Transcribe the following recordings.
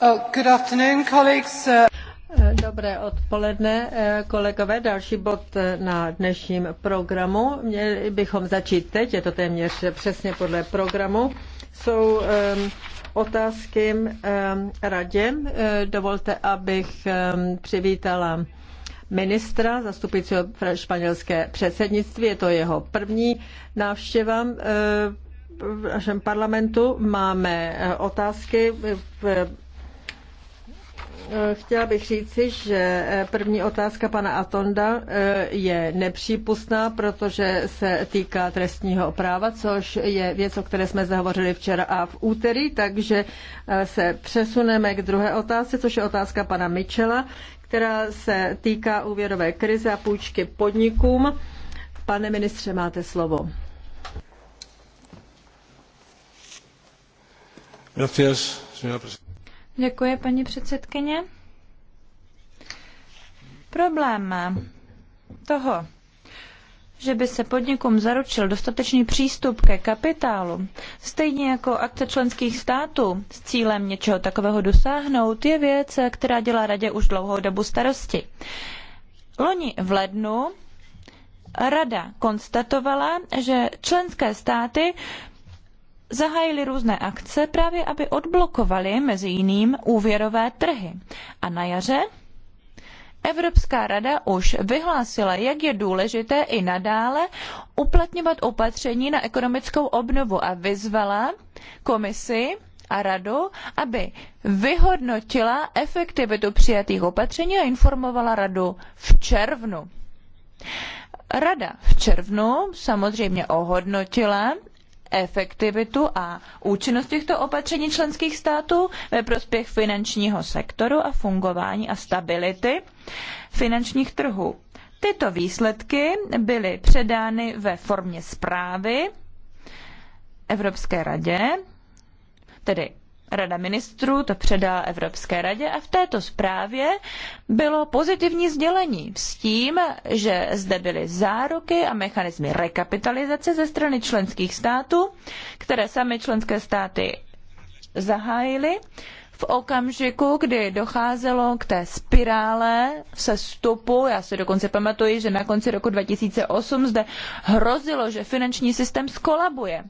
Oh, eh, dobré odpoledne, eh, kolegové. Další bod eh, na dnešním programu. Měli bychom začít teď, je to téměř přesně podle programu. Jsou ehm, otázky ehm, radě. Dovolte, abych ehm, přivítala ministra zastupujícího španělské předsednictví. Je to jeho první návštěva v našem parlamentu. Máme otázky v Eh, chtěla bych říci, že eh, první otázka pana Atonda eh, je nepřípustná, protože se týká trestního práva, což je věc, o které jsme zahovořili včera a v úterý, takže se přesuneme k druhé otázce, což je otázka pana Michela, která se týká úvěrové krize a půjčky podnikům. Pane ministře, máte slovo. Gracias, señora presidenta. Děkuji, paní předsedkyně. Problém toho, že by se podnikům zaručil dostatečný přístup ke kapitálu, stejně jako akce členských států s cílem něčeho takového dosáhnout, je věc, která dělá radě už dlouhou dobu starosti. Loni v lednu Rada konstatovala, že členské státy zahájili různé akce právě, aby odblokovali mezi jiným úvěrové trhy. A na jaře Evropská rada už vyhlásila, jak je důležité i nadále uplatňovat opatření na ekonomickou obnovu a vyzvala komisi a radu, aby vyhodnotila efektivitu přijatých opatření a informovala radu v červnu. Rada v červnu samozřejmě ohodnotila efektivitu a účinnost těchto opatření členských států ve prospěch finančního sektoru a fungování a stability finančních trhů. Tyto výsledky byly předány ve formě zprávy Evropské radě, tedy Rada ministrů to předá Evropské radě a v této zprávě bylo pozitivní sdělení s tím, že zde byly záruky a mechanismy rekapitalizace ze strany členských států, které sami členské státy zahájily v okamžiku, kdy docházelo k té spirále sestupu, já si dokonce pamatuji, že na konci roku 2008 zde hrozilo, že finanční systém skolabuje.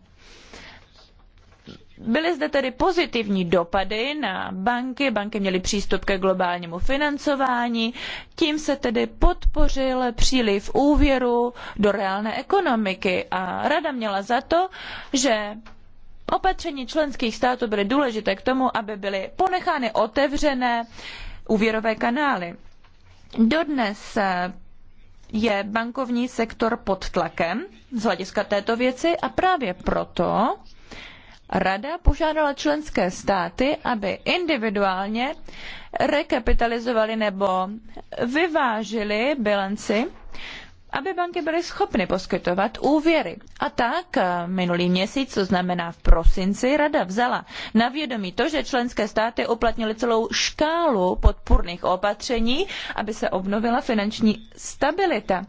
Byly zde tedy pozitivní dopady na banky, banky měly přístup ke globálnímu financování, tím se tedy podpořil příliv úvěru do reálné ekonomiky a rada měla za to, že opatření členských států byly důležité k tomu, aby byly ponechány otevřené úvěrové kanály. Dodnes je bankovní sektor pod tlakem z hlediska této věci a právě proto Rada požádala členské státy, aby individuálně rekapitalizovali nebo vyvážili bilanci, aby banky byly schopny poskytovat úvěry. A tak eh, minulý měsíc, to znamená v prosinci, Rada vzala na vědomí to, že členské státy uplatnily celou škálu podpůrných opatření, aby se obnovila finanční stabilita.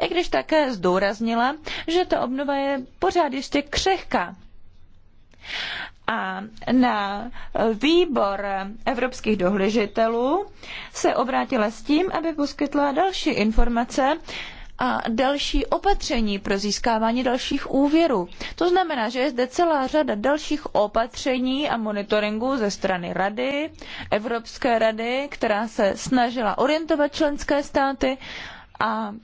I když také zdůraznila, že ta obnova je pořád ještě křehká a na výbor evropských dohležitelů se obrátila s tím, aby poskytla další informace, a další opatření pro získávání dalších úvěrů. To znamená, že je zde celá řada dalších opatření a monitoringu ze strany Rady, Evropské rady, která se snažila orientovat členské státy a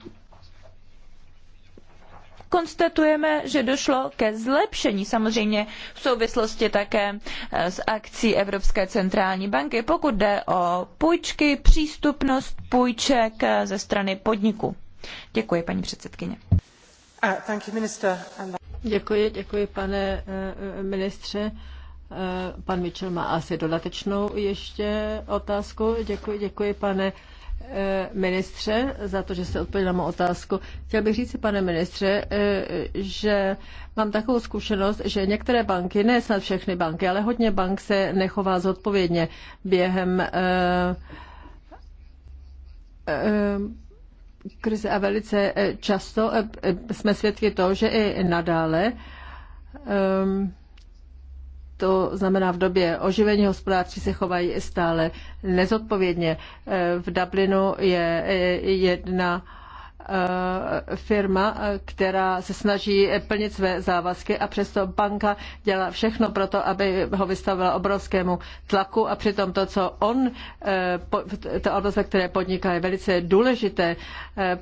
konstatujeme, že došlo ke zlepšení samozřejmě v souvislosti také eh, s akcí Evropské centrální banky, pokud jde o půjčky, přístupnost půjček eh, ze strany podniku. Děkuji, paní předsedkyně. Uh, děkuji, děkuji, pane eh, ministře. Pan Mitchell má asi dodatečnou ještě otázku. Děkuji, děkuji, pane Eh, ministře, za to, že jste odpověděl na mou otázku. Chtěl bych říct si, pane ministře, eh, že mám takovou zkušenost, že některé banky, ne snad všechny banky, ale hodně bank se nechová zodpovědně během eh, krize a velice často jsme svědky toho, že i nadále to znamená v době oživení hospodářství se chovají stále nezodpovědně. Eh, v Dublinu je eh, jedna Eh, firma, eh, která se snaží plnit své závazky a přesto banka dělá všechno pro to, aby ho vystavila obrovskému tlaku a přitom to, co on, eh, to odozve, které podniká, je velice důležité.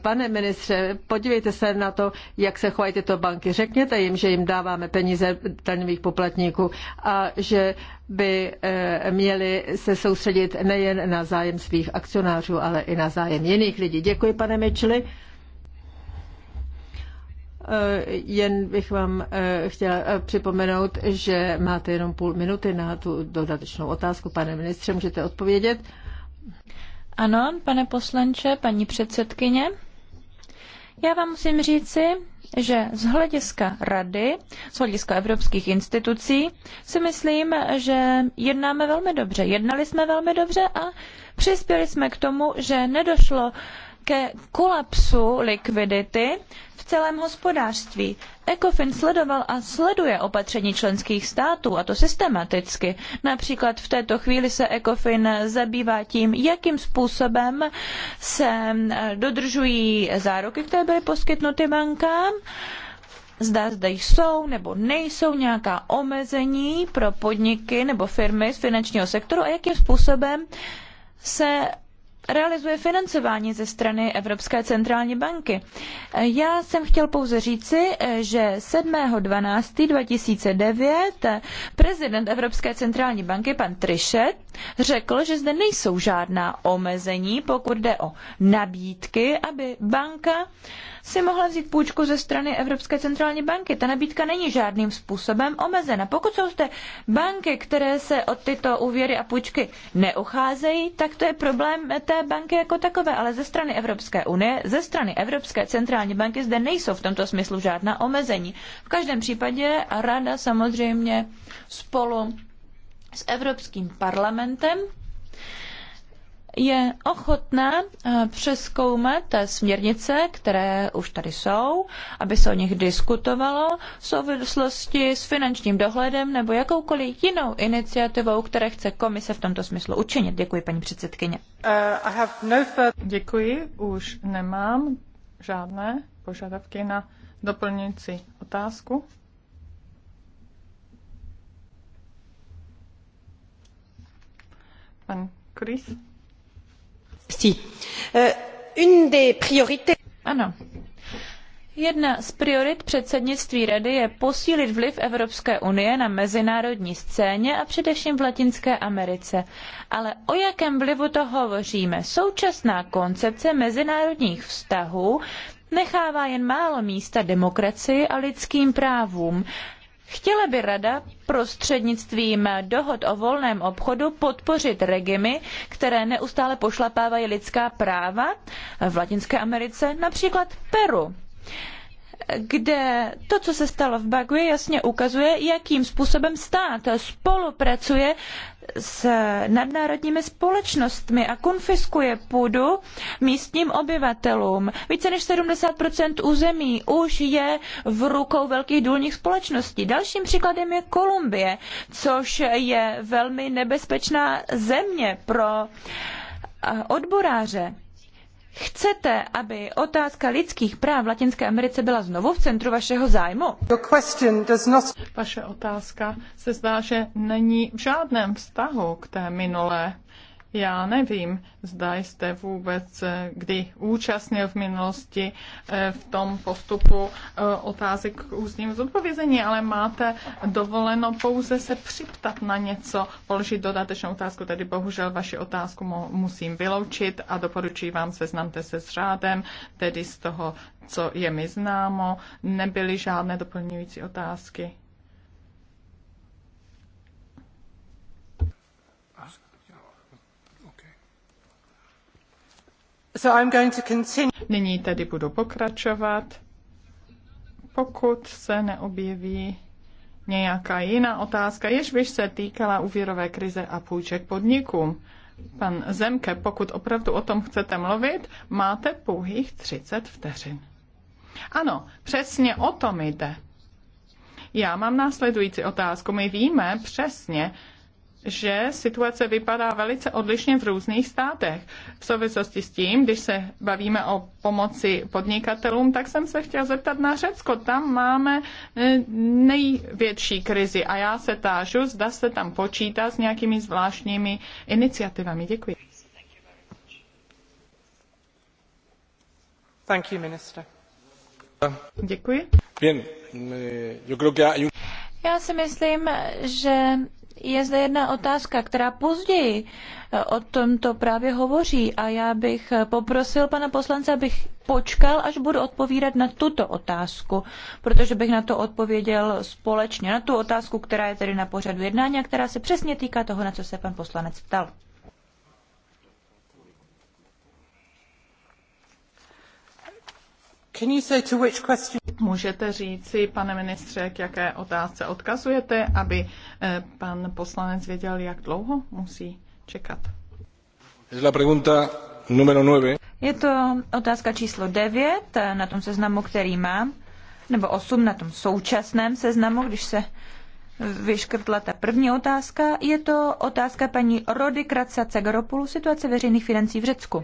Pane ministře, podívejte se na to, jak se chovají tyto banky. Řekněte jim, že jim dáváme peníze daňových poplatníků a že by měli se soustředit nejen na zájem svých akcionářů, ale i na zájem jiných lidí. Děkuji, pane Mitchelli. Eh, jen bych vám eh, chtěla eh, připomenout, že máte jenom půl minuty na tu dodatečnou otázku. Pane ministře, můžete odpovědět? Ano, pane poslanče, paní předsedkyně. Já vám musím říci, že z hlediska rady, z hlediska evropských institucí, si myslím, že jednáme velmi dobře. Jednali jsme velmi dobře a přispěli jsme k tomu, že nedošlo ke kolapsu likvidity, v celém hospodářství. ECOFIN sledoval a sleduje opatření členských států, a to systematicky. Například v této chvíli se ECOFIN zabývá tím, jakým způsobem se eh, dodržují záruky, které byly poskytnuty bankám zda zde jsou nebo nejsou nějaká omezení pro podniky nebo firmy z finančního sektoru a jakým způsobem se realizuje financování ze strany Evropské centrální banky. Já jsem chtěl pouze říci, že 7.12.2009 prezident Evropské centrální banky, pan Trichet, řekl, že zde nejsou žádná omezení, pokud jde o nabídky, aby banka si mohla vzít půjčku ze strany Evropské centrální banky. Ta nabídka není žádným způsobem omezena. Pokud jsou zde banky, které se o tyto úvěry a půjčky neucházejí, tak to je problém té té banky jako takové, ale ze strany Evropské unie, ze strany Evropské centrální banky zde nejsou v tomto smyslu žádná omezení. V každém případě rada samozřejmě spolu s Evropským parlamentem je ochotná eh, přeskoumat směrnice, které už tady jsou, aby se o nich diskutovalo v souvislosti s finančním dohledem nebo jakoukoliv jinou iniciativou, které chce komise v tomto smyslu učinit. Děkuji, paní předsedkyně. Uh, no further... Děkuji, už nemám žádné požadavky na doplňující otázku. Pan Chris? Euh, ano. Jedna z priorit předsednictví Rady je posílit vliv Evropské unie na mezinárodní scéně a především v Latinské Americe. Ale o jakém vlivu to hovoříme? Současná koncepce mezinárodních vztahů nechává jen málo místa demokracii a lidským právům. Chtěla by Rada prostřednictvím dohod o volném obchodu podpořit regimy, které neustále pošlapávají lidská práva v Latinské Americe, například Peru kde to, co se stalo v Bagui, jasně ukazuje, jakým způsobem stát spolupracuje s nadnárodními společnostmi a konfiskuje půdu místním obyvatelům. Více než 70 území už je v rukou velkých důlních společností. Dalším příkladem je Kolumbie, což je velmi nebezpečná země pro eh, odboráře. Chcete, aby otázka lidských práv v Latinské Americe byla znovu v centru vašeho zájmu? Vaše otázka se zdá, že není v žádném vztahu k té minulé já nevím, zda jste vůbec eh, kdy účastnil v minulosti eh, v tom postupu eh, otázek k ústnímu zodpovězení, ale máte dovoleno pouze se připtat na něco, položit dodatečnou otázku, tedy bohužel vaši otázku musím vyloučit a doporučuji vám, seznamte se s řádem, tedy z toho, co je mi známo, nebyly žádné doplňující otázky. So I'm going to continue. Nyní tedy budu pokračovat. Pokud se neobjeví nějaká jiná otázka, jež by se týkala úvěrové krize a půjček podnikům. Pan Zemke, pokud opravdu o tom chcete mluvit, máte pouhých 30 vteřin. Ano, přesně o tom jde. Já mám následující otázku. My víme přesně, že situace vypadá velice odlišně v různých státech. V souvislosti s tím, když se bavíme o pomoci podnikatelům, tak jsem se chtěla zeptat na Řecko. Tam máme e, největší krizi a já se tážu, zda se tam počítá s nějakými zvláštními iniciativami. Děkuji. Thank you, minister. Děkuji. E, já si myslím, že je zde jedna otázka, která později eh, o tomto právě hovoří a já bych eh, poprosil pana poslance, abych počkal, až budu odpovídat na tuto otázku, protože bych na to odpověděl společně, na tu otázku, která je tedy na pořadu jednání a která se přesně týká toho, na co se pan poslanec ptal. Můžete říci, pane ministře, k jaké otázce odkazujete, aby eh, pan poslanec věděl, jak dlouho musí čekat? Je to otázka číslo 9 eh, na tom seznamu, který mám, nebo 8 na tom současném seznamu, když se vyškrtla ta první otázka. Je to otázka paní Rody Kratsa Cegaropoulou, situace veřejných financí v Řecku.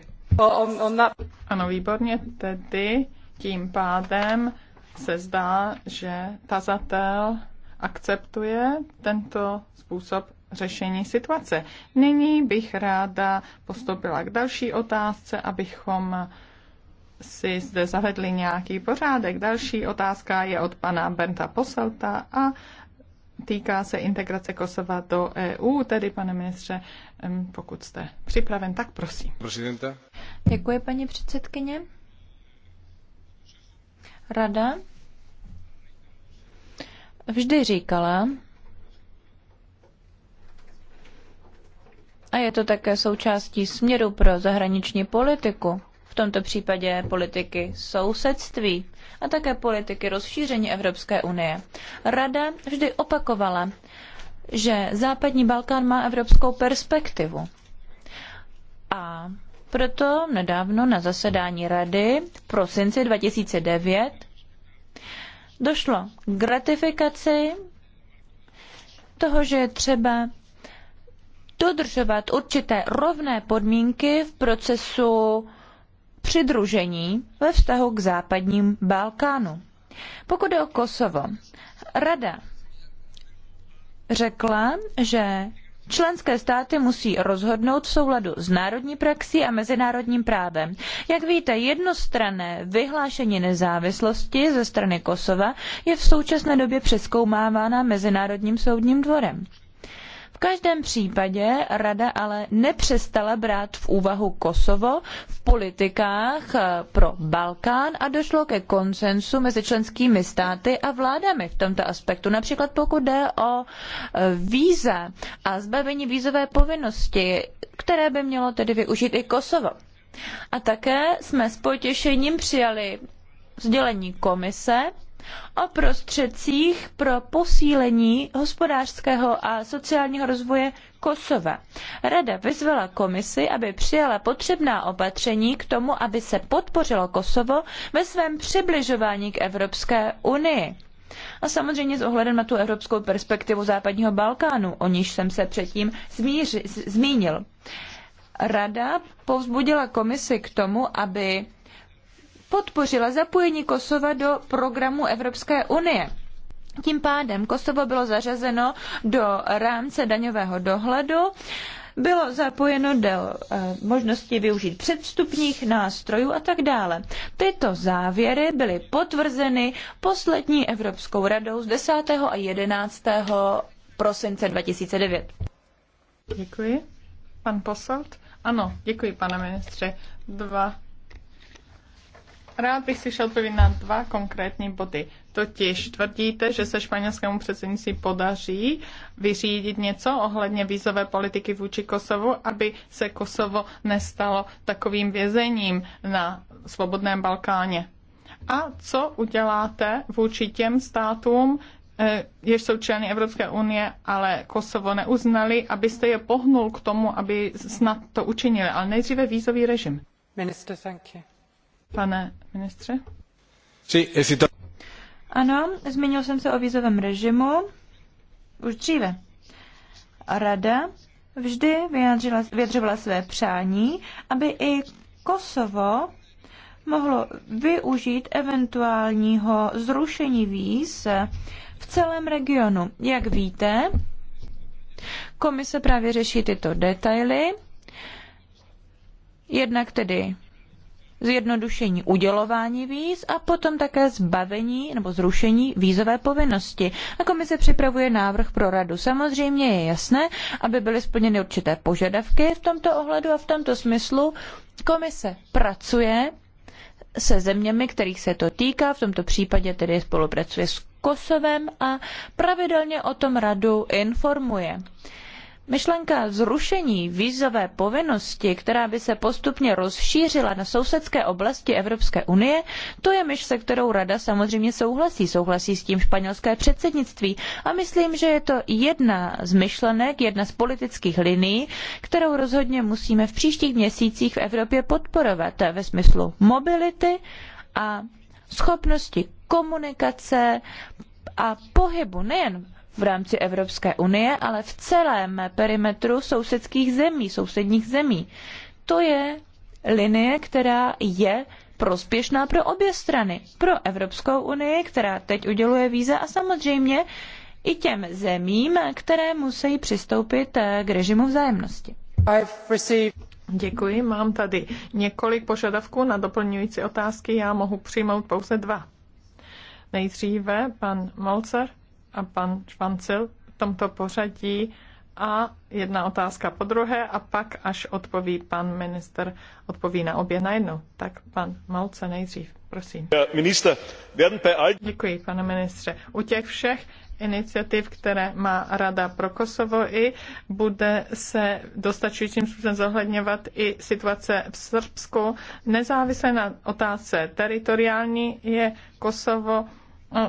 Ano, výborně, tedy tím pádem se zdá, že tazatel akceptuje tento způsob řešení situace. Nyní bych ráda postoupila k další otázce, abychom si zde zavedli nějaký pořádek. Další otázka je od pana Berta Poselta a týká se integrace Kosova do EU. Tedy, pane ministře, pokud jste připraven, tak prosím. Prezidenta. Děkuji, paní předsedkyně. Rada vždy říkala, a je to také součástí směru pro zahraniční politiku, v tomto případě politiky sousedství a také politiky rozšíření Evropské unie. Rada vždy opakovala, že západní Balkán má evropskou perspektivu. A proto nedávno na zasedání Rady v prosinci 2009 došlo k gratifikaci toho, že je třeba dodržovat určité rovné podmínky v procesu přidružení ve vztahu k západním Balkánu. Pokud je o Kosovo, Rada řekla, že Členské státy musí rozhodnout v souladu s národní praxí a mezinárodním právem. Jak víte, jednostranné vyhlášení nezávislosti ze strany Kosova je v současné době přeskoumávána Mezinárodním soudním dvorem každém případě rada ale nepřestala brát v úvahu Kosovo v politikách eh, pro Balkán a došlo ke konsensu mezi členskými státy a vládami v tomto aspektu. Například pokud jde o eh, víza a zbavení vízové povinnosti, které by mělo tedy využít i Kosovo. A také jsme s potěšením přijali sdělení komise, o prostředcích pro posílení hospodářského a sociálního rozvoje Kosova. Rada vyzvala komisi, aby přijala potřebná opatření k tomu, aby se podpořilo Kosovo ve svém přibližování k Evropské unii. A samozřejmě s ohledem na tu evropskou perspektivu západního Balkánu, o níž jsem se předtím zmíři, z, zmínil. Rada povzbudila komisi k tomu, aby podpořila zapojení Kosova do programu Evropské unie. Tím pádem Kosovo bylo zařazeno do rámce daňového dohledu, bylo zapojeno do eh, možnosti využít předstupních nástrojů a tak dále. Tyto závěry byly potvrzeny poslední Evropskou radou z 10. a 11. prosince 2009. Děkuji. Pan Posad? Ano, děkuji, pane ministře. Dva Rád bych slyšel odpověď na dva konkrétní body. Totiž tvrdíte, že se španělskému předsednictví podaří vyřídit něco ohledně vízové politiky vůči Kosovu, aby se Kosovo nestalo takovým vězením na svobodném Balkáně. A co uděláte vůči těm státům, eh, jež jsou členy Evropské unie, ale Kosovo neuznali, abyste je pohnul k tomu, aby snad to učinili, ale nejdříve vízový režim. Minister, thank you. Pane ministře? Eh, ano, zmínil jsem se o vízovém režimu už dříve. Rada vždy vyjadřovala své přání, aby i Kosovo mohlo využít eventuálního zrušení víz v celém regionu. Jak víte, komise právě řeší tyto detaily. Jednak tedy zjednodušení udělování víz a potom také zbavení nebo zrušení vízové povinnosti. A komise připravuje návrh pro radu. Samozřejmě je jasné, aby byly splněny určité požadavky v tomto ohledu a v tomto smyslu komise pracuje se zeměmi, kterých se to týká, v tomto případě tedy spolupracuje s Kosovem a pravidelně o tom radu informuje. Myšlenka zrušení vízové povinnosti, která by se postupně rozšířila na sousedské oblasti Evropské unie, to je myš, se kterou Rada samozřejmě souhlasí. Souhlasí s tím španělské předsednictví a myslím, že je to jedna z myšlenek, jedna z politických linií, kterou rozhodně musíme v příštích měsících v Evropě podporovat ve smyslu mobility a schopnosti komunikace a pohybu nejen v rámci Evropské unie, ale v celém perimetru sousedských zemí, sousedních zemí. To je linie, která je prospěšná pro obě strany. Pro Evropskou unii, která teď uděluje víza a samozřejmě i těm zemím, které musí přistoupit eh, k režimu vzájemnosti. Děkuji, mám tady několik požadavků na doplňující otázky, já mohu přijmout pouze dva. Nejdříve pan Molcer a pan Švancil v tomto pořadí a jedna otázka po druhé a pak, až odpoví pan minister, odpoví na obě najednou. Tak pan Malce nejdřív, prosím. Minister, Děkuji, pane ministře. U těch všech iniciativ, které má Rada pro Kosovo i bude se dostačujícím způsobem zohledňovat i situace v Srbsku. Nezávisle na otázce teritoriální je Kosovo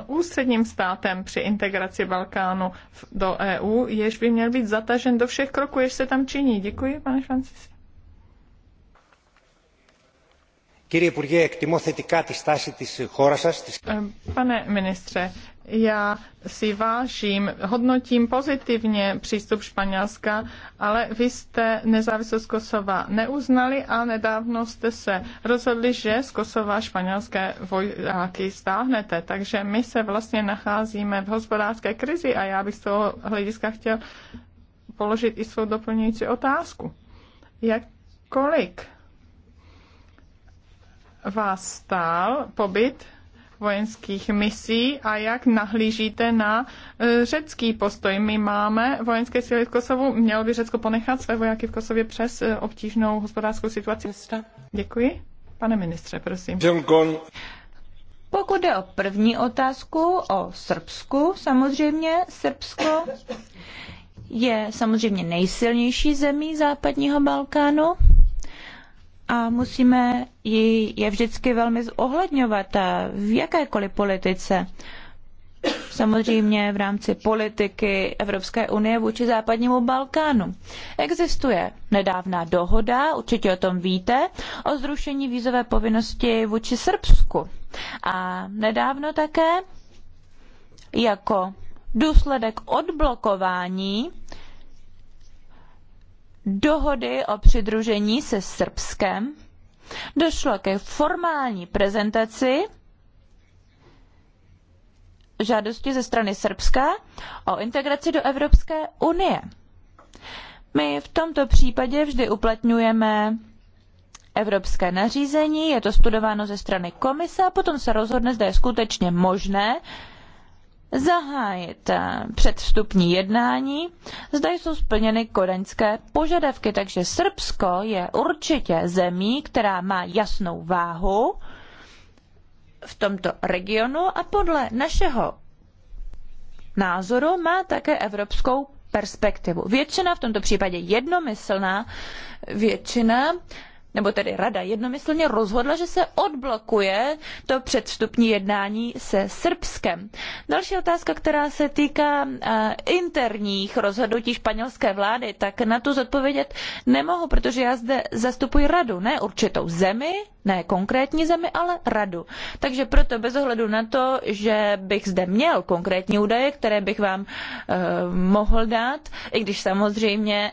ústředním státem při integraci Balkánu do EU, jež by měl být zatažen do všech kroků, jež se tam činí. Děkuji, pane Francisi. Pane ministře, já si vážím, hodnotím pozitivně přístup Španělska, ale vy jste nezávislost Kosova neuznali a nedávno jste se rozhodli, že z Kosova španělské vojáky stáhnete. Takže my se vlastně nacházíme v hospodářské krizi a já bych z toho hlediska chtěl položit i svou doplňující otázku. Jak kolik vás stál pobyt vojenských misí a jak nahlížíte na e, řecký postoj. My máme vojenské síly v Kosovu, mělo by Řecko ponechat své vojáky v Kosově přes e, obtížnou hospodářskou situaci. Děkuji. Pane ministře, prosím. Pokud jde o první otázku, o Srbsku, samozřejmě Srbsko je samozřejmě nejsilnější zemí západního Balkánu a musíme ji je vždycky velmi zohledňovat v jakékoliv politice. Samozřejmě v rámci politiky Evropské unie vůči západnímu Balkánu. Existuje nedávná dohoda, určitě o tom víte, o zrušení vízové povinnosti vůči Srbsku. A nedávno také jako důsledek odblokování dohody o přidružení se Srbskem došlo ke formální prezentaci žádosti ze strany Srbska o integraci do Evropské unie. My v tomto případě vždy uplatňujeme evropské nařízení, je to studováno ze strany komise a potom se rozhodne, zda je skutečně možné zahájit eh, předvstupní jednání. Zda jsou splněny kodaňské požadavky, takže Srbsko je určitě zemí, která má jasnou váhu v tomto regionu a podle našeho názoru má také evropskou perspektivu. Většina, v tomto případě jednomyslná většina, nebo tedy rada jednomyslně rozhodla, že se odblokuje to předstupní jednání se Srbskem. Další otázka, která se týká eh, interních rozhodnutí španělské vlády, tak na tu zodpovědět nemohu, protože já zde zastupuji radu, ne určitou zemi, ne konkrétní zemi, ale radu. Takže proto bez ohledu na to, že bych zde měl konkrétní údaje, které bych vám e, mohl dát, i když samozřejmě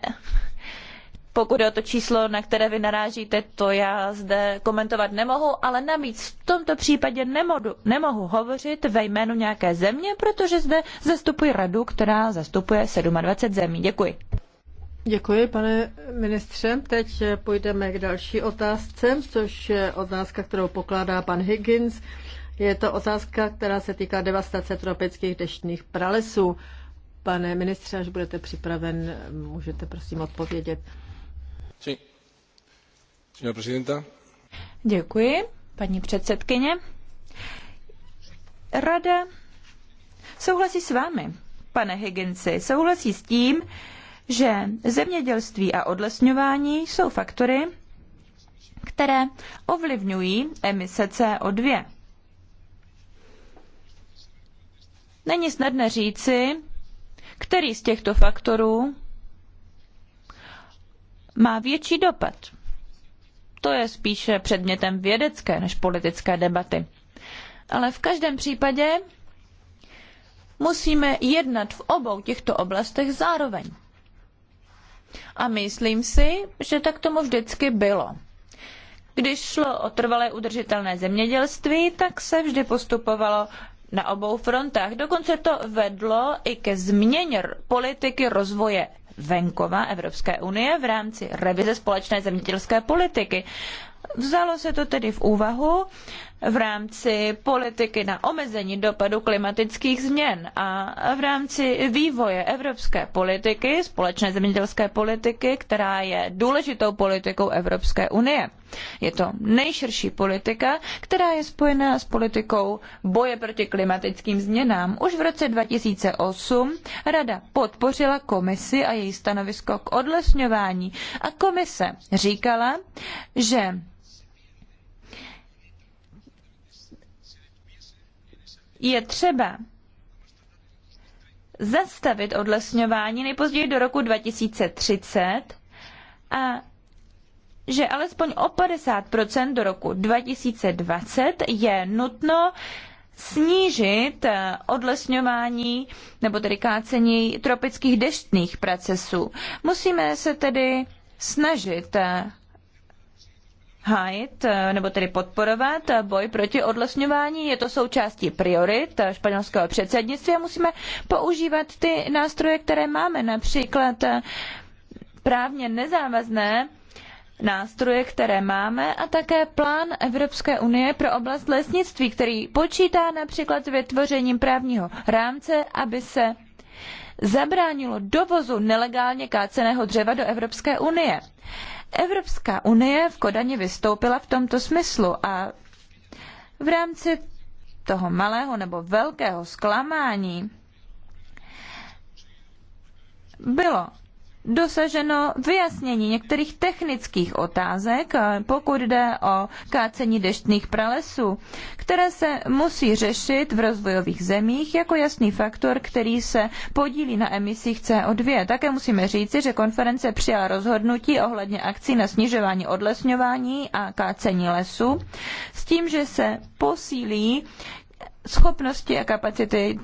pokud je o to číslo, na které vy narážíte, to já zde komentovat nemohu, ale navíc v tomto případě nemohu, nemohu hovořit ve jménu nějaké země, protože zde zastupuji radu, která zastupuje 27 zemí. Děkuji. Děkuji, pane ministře. Teď půjdeme k další otázce, což je otázka, kterou pokládá pan Higgins. Je to otázka, která se týká devastace tropických deštných pralesů. Pane ministře, až budete připraven, můžete prosím odpovědět. Děkuji, paní předsedkyně. Rada souhlasí s vámi, pane Higginsi, souhlasí s tím, že zemědělství a odlesňování jsou faktory, které ovlivňují emise CO2. Není snadné říci, který z těchto faktorů má větší dopad. To je spíše předmětem vědecké než politické debaty. Ale v každém případě musíme jednat v obou těchto oblastech zároveň. A myslím si, že tak tomu vždycky bylo. Když šlo o trvalé udržitelné zemědělství, tak se vždy postupovalo na obou frontách. Dokonce to vedlo i ke změně politiky rozvoje venkova Evropské unie v rámci revize společné zemědělské politiky. Vzalo se to tedy v úvahu v rámci politiky na omezení dopadu klimatických změn a v rámci vývoje evropské politiky, společné zemědělské politiky, která je důležitou politikou Evropské unie. Je to nejširší politika, která je spojená s politikou boje proti klimatickým změnám. Už v roce 2008 Rada podpořila komisi a její stanovisko k odlesňování a komise říkala, že je třeba zastavit odlesňování nejpozději do roku 2030 a že alespoň o 50 do roku 2020 je nutno snížit eh, odlesňování nebo tedy kácení tropických deštných procesů. Musíme se tedy snažit eh, hájit eh, nebo tedy podporovat boj proti odlesňování. Je to součástí priorit eh, španělského předsednictví a musíme používat ty nástroje, které máme, například eh, právně nezávazné nástroje, které máme a také plán Evropské unie pro oblast lesnictví, který počítá například s vytvořením právního rámce, aby se zabránilo dovozu nelegálně káceného dřeva do Evropské unie. Evropská unie v Kodani vystoupila v tomto smyslu a v rámci toho malého nebo velkého zklamání bylo dosaženo vyjasnění některých technických otázek, eh, pokud jde o kácení deštných pralesů, které se musí řešit v rozvojových zemích jako jasný faktor, který se podílí na emisích CO2. Také musíme říci, že konference přijala rozhodnutí ohledně akcí na snižování odlesňování a kácení lesů s tím, že se posílí schopnosti a kapacity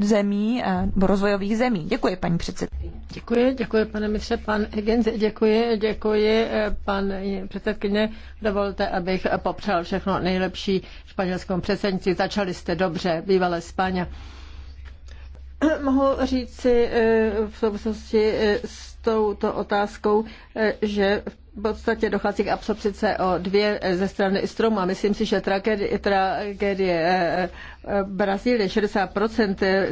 zemí eh, nebo rozvojových zemí. Děkuji, paní předsedkyně. Děkuji, děkuji, pane ministře, pan Higgins, děkuji, děkuji, eh, pan eh, předsedkyně. Dovolte, abych popřál všechno nejlepší španělskému předsednici. Začali jste dobře, bývalé Spáně. Mohu říci v souvislosti s touto otázkou, že v podstatě dochází k absorpci CO2 ze strany stromu a myslím si, že tragédie, tragédie eh, eh, Brazílie, 60% eh,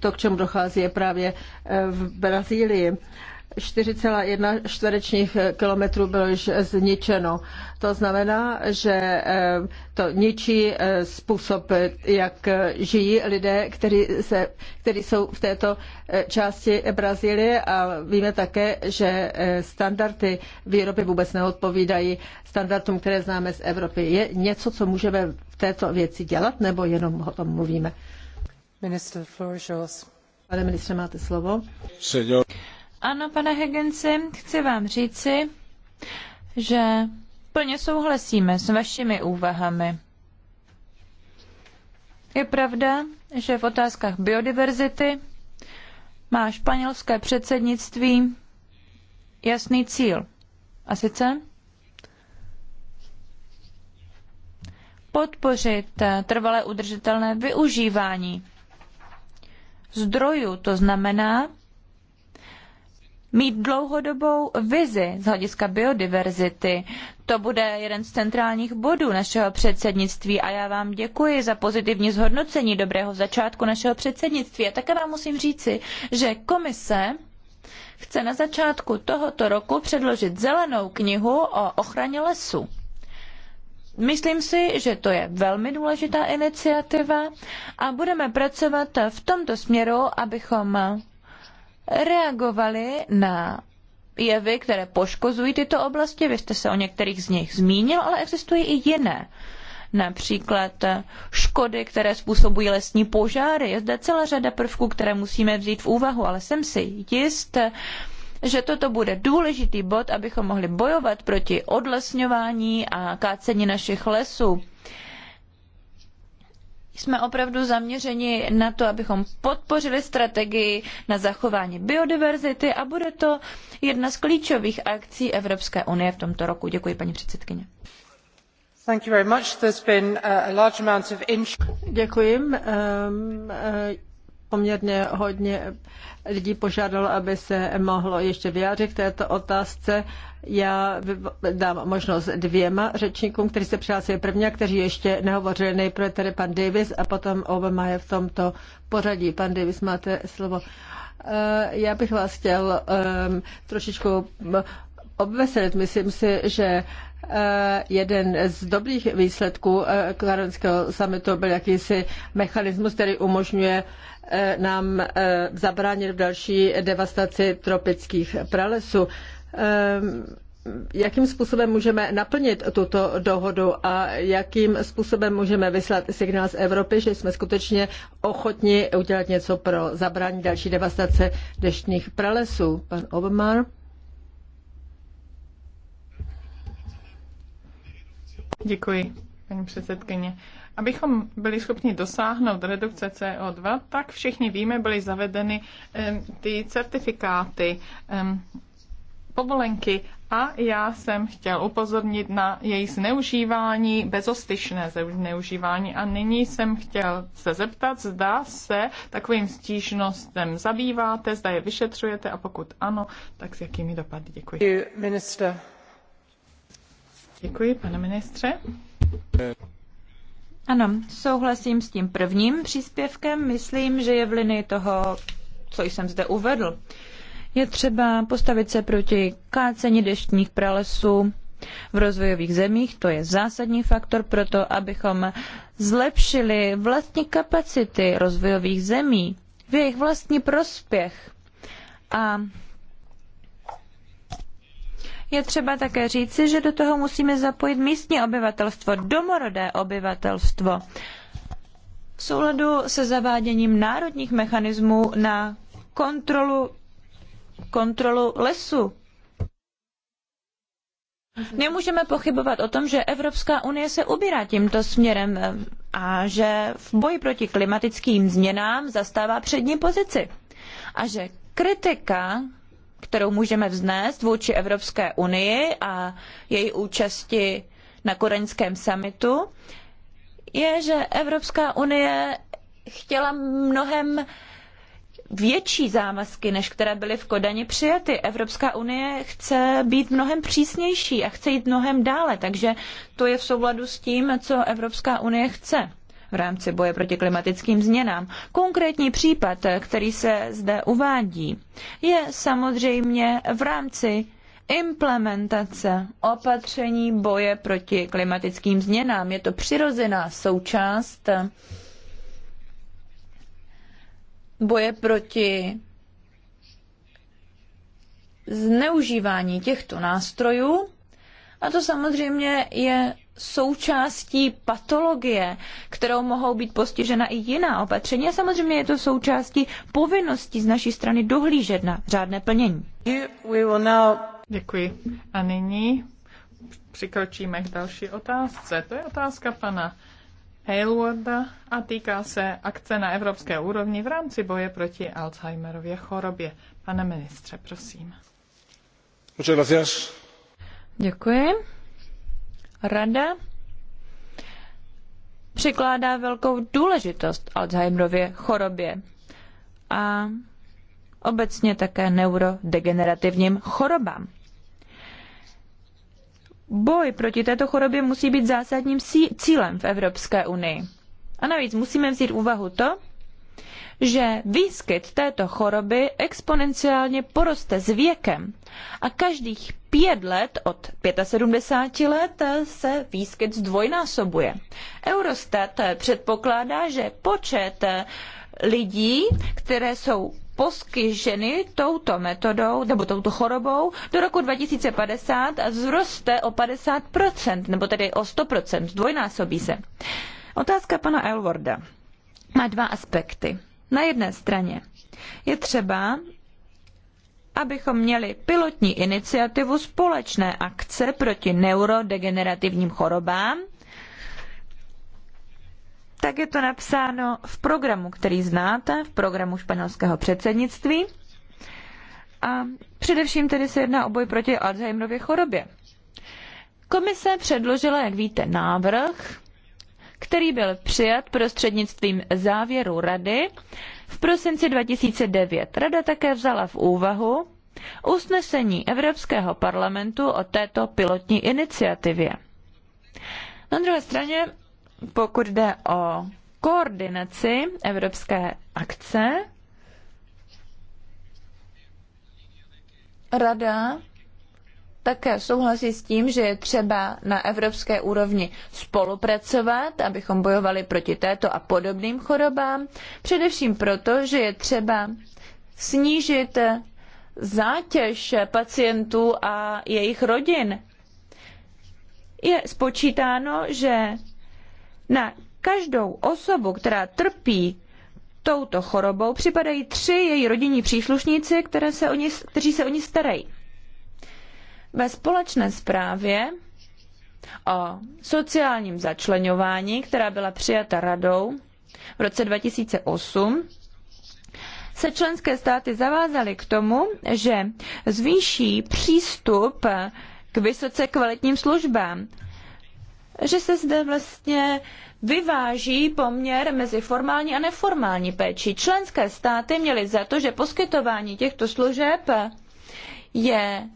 to, k čemu dochází, je právě v Brazílii. 4,1 čtverečních kilometrů bylo již zničeno. To znamená, že eh, to ničí eh, způsob, jak žijí lidé, kteří, se, kteří jsou v této eh, části Brazílie a víme také, že standardy výroby vůbec neodpovídají standardům, které známe z Evropy. Je něco, co můžeme v této věci dělat, nebo jenom o tom mluvíme? Minister Pane ministře, máte slovo. Senor. Ano, pane Higginsi, chci vám říci, že plně souhlasíme s vašimi úvahami. Je pravda, že v otázkách biodiverzity má španělské předsednictví jasný cíl. A sice podpořit trvalé udržitelné využívání zdrojů, to znamená mít dlouhodobou vizi z hlediska biodiverzity. To bude jeden z centrálních bodů našeho předsednictví a já vám děkuji za pozitivní zhodnocení dobrého začátku našeho předsednictví. A také vám musím říci, že komise chce na začátku tohoto roku předložit zelenou knihu o ochraně lesů. Myslím si, že to je velmi důležitá iniciativa a budeme pracovat v tomto směru, abychom Reagovali na jevy, které poškozují tyto oblasti. Vy jste se o některých z nich zmínil, ale existují i jiné. Například škody, které způsobují lesní požáry. Je zde celá řada prvků, které musíme vzít v úvahu, ale jsem si jist, že toto bude důležitý bod, abychom mohli bojovat proti odlesňování a kácení našich lesů jsme opravdu zaměřeni na to, abychom podpořili strategii na zachování biodiverzity a bude to jedna z klíčových akcí Evropské unie v tomto roku. Děkuji, paní předsedkyně. Uh, Děkuji. Um, uh, poměrně hodně lidí požádalo, aby se mohlo ještě vyjádřit k této otázce. Já dám možnost dvěma řečníkům, kteří se přihlásili první a kteří ještě nehovořili. Nejprve tedy pan Davis a potom Obama je v tomto pořadí. Pan Davis, máte slovo. Eh, já bych vás chtěl um, trošičku obveselit. Myslím si, že eh, jeden z dobrých výsledků eh, Klarenského summitu byl jakýsi mechanismus, který umožňuje eh, nám zabránit v další devastaci tropických pralesů. Jakým způsobem můžeme naplnit tuto dohodu a jakým způsobem můžeme vyslat signál z Evropy, že jsme skutečně ochotni udělat něco pro zabrání další devastace deštných pralesů? Pan Obmar. Děkuji, paní předsedkyně. Abychom byli schopni dosáhnout redukce CO2, tak všichni víme, byly zavedeny ty certifikáty, povolenky a já jsem chtěl upozornit na její zneužívání, bezostyšné zneužívání a nyní jsem chtěl se zeptat, zda se takovým stížnostem zabýváte, zda je vyšetřujete a pokud ano, tak s jakými dopady. Děkuji. Minister. Děkuji, pane ministře. Ano, souhlasím s tím prvním příspěvkem. Myslím, že je v linii toho, co jsem zde uvedl. Je třeba postavit se proti kácení deštních pralesů v rozvojových zemích. To je zásadní faktor pro to, abychom zlepšili vlastní kapacity rozvojových zemí v jejich vlastní prospěch. A je třeba také říci, že do toho musíme zapojit místní obyvatelstvo, domorodé obyvatelstvo. V souladu se zaváděním národních mechanismů na kontrolu, kontrolu lesu. Nemůžeme pochybovat o tom, že Evropská unie se ubírá tímto směrem eh, a že v boji proti klimatickým změnám zastává přední pozici. A že kritika kterou můžeme vznést vůči Evropské unii a její účasti na koreňském summitu, je, že Evropská unie chtěla mnohem větší závazky, než které byly v Kodani přijaty. Evropská unie chce být mnohem přísnější a chce jít mnohem dále, takže to je v souladu s tím, co Evropská unie chce v rámci boje proti klimatickým změnám. Konkrétní případ, který se zde uvádí, je samozřejmě v rámci implementace opatření boje proti klimatickým změnám. Je to přirozená součást boje proti zneužívání těchto nástrojů. A to samozřejmě je součástí patologie, kterou mohou být postižena i jiná opatření. A samozřejmě je to součástí povinnosti z naší strany dohlížet na řádné plnění. Děkuji. A nyní přikročíme k další otázce. To je otázka pana Hailwarda a týká se akce na evropské úrovni v rámci boje proti Alzheimerově chorobě. Pane ministře, prosím. Děkuji. Rada přikládá velkou důležitost Alzheimerově chorobě a obecně také neurodegenerativním chorobám. Boj proti této chorobě musí být zásadním cílem v Evropské unii. A navíc musíme vzít úvahu to, že výskyt této choroby exponenciálně poroste s věkem a každých pět let od 75 let se výskyt zdvojnásobuje. Eurostat předpokládá, že počet lidí, které jsou postiženy touto metodou nebo touto chorobou do roku 2050 vzroste o 50%, nebo tedy o 100%, dvojnásobí se. Otázka pana Elwarda má dva aspekty. Na jedné straně je třeba, abychom měli pilotní iniciativu společné akce proti neurodegenerativním chorobám, tak je to napsáno v programu, který znáte, v programu španělského předsednictví. A především tedy se jedná o boj proti Alzheimerově chorobě. Komise předložila, jak víte, návrh který byl přijat prostřednictvím závěru Rady v prosinci 2009. Rada také vzala v úvahu usnesení Evropského parlamentu o této pilotní iniciativě. Na druhé straně, pokud jde o koordinaci evropské akce, Rada také souhlasí s tím, že je třeba na evropské úrovni spolupracovat, abychom bojovali proti této a podobným chorobám, především proto, že je třeba snížit zátěž pacientů a jejich rodin. Je spočítáno, že na každou osobu, která trpí touto chorobou, připadají tři její rodinní příslušníci, které se o ní, kteří se o ní starají. Ve společné zprávě o sociálním začlenování, která byla přijata radou v roce 2008, se členské státy zavázaly k tomu, že zvýší přístup k vysoce kvalitním službám. Že se zde vlastně vyváží poměr mezi formální a neformální péčí. Členské státy měly za to, že poskytování těchto služeb je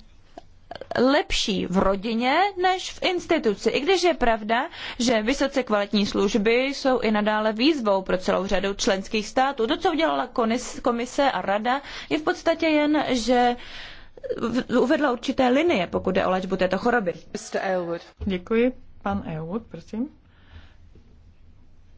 lepší v rodině než v instituci. I když je pravda, že vysoce kvalitní služby jsou i nadále výzvou pro celou řadu členských států. To, co udělala komise a rada, je v podstatě jen, že uvedla určité linie, pokud jde o léčbu této choroby. Děkuji. Pan Elwood, prosím.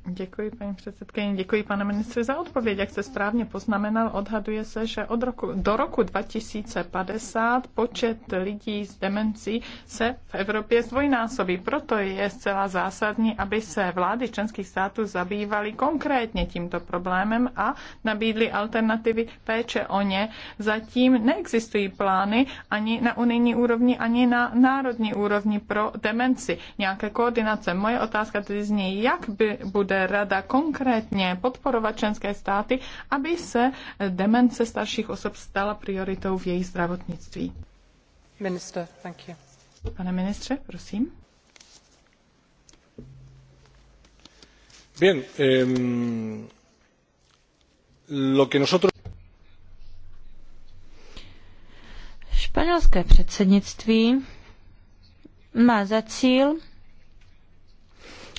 Děkuji, paní předsedkyně. Děkuji, pane ministře, za odpověď. Jak jste správně poznamenal, odhaduje se, že od roku, do roku 2050 počet lidí s demencí se v Evropě zdvojnásobí. Proto je zcela zásadní, aby se vlády členských států zabývaly konkrétně tímto problémem a nabídly alternativy péče o ně. Zatím neexistují plány ani na unijní úrovni, ani na národní úrovni pro demenci. Nějaké koordinace. Moje otázka tedy zní, jak by bude bude rada konkrétně podporovat členské státy, aby se demence starších osob stala prioritou v jejich zdravotnictví. Minister, thank you. Pane ministře, prosím. Bien, um, lo que nosotros... Španělské předsednictví má za cíl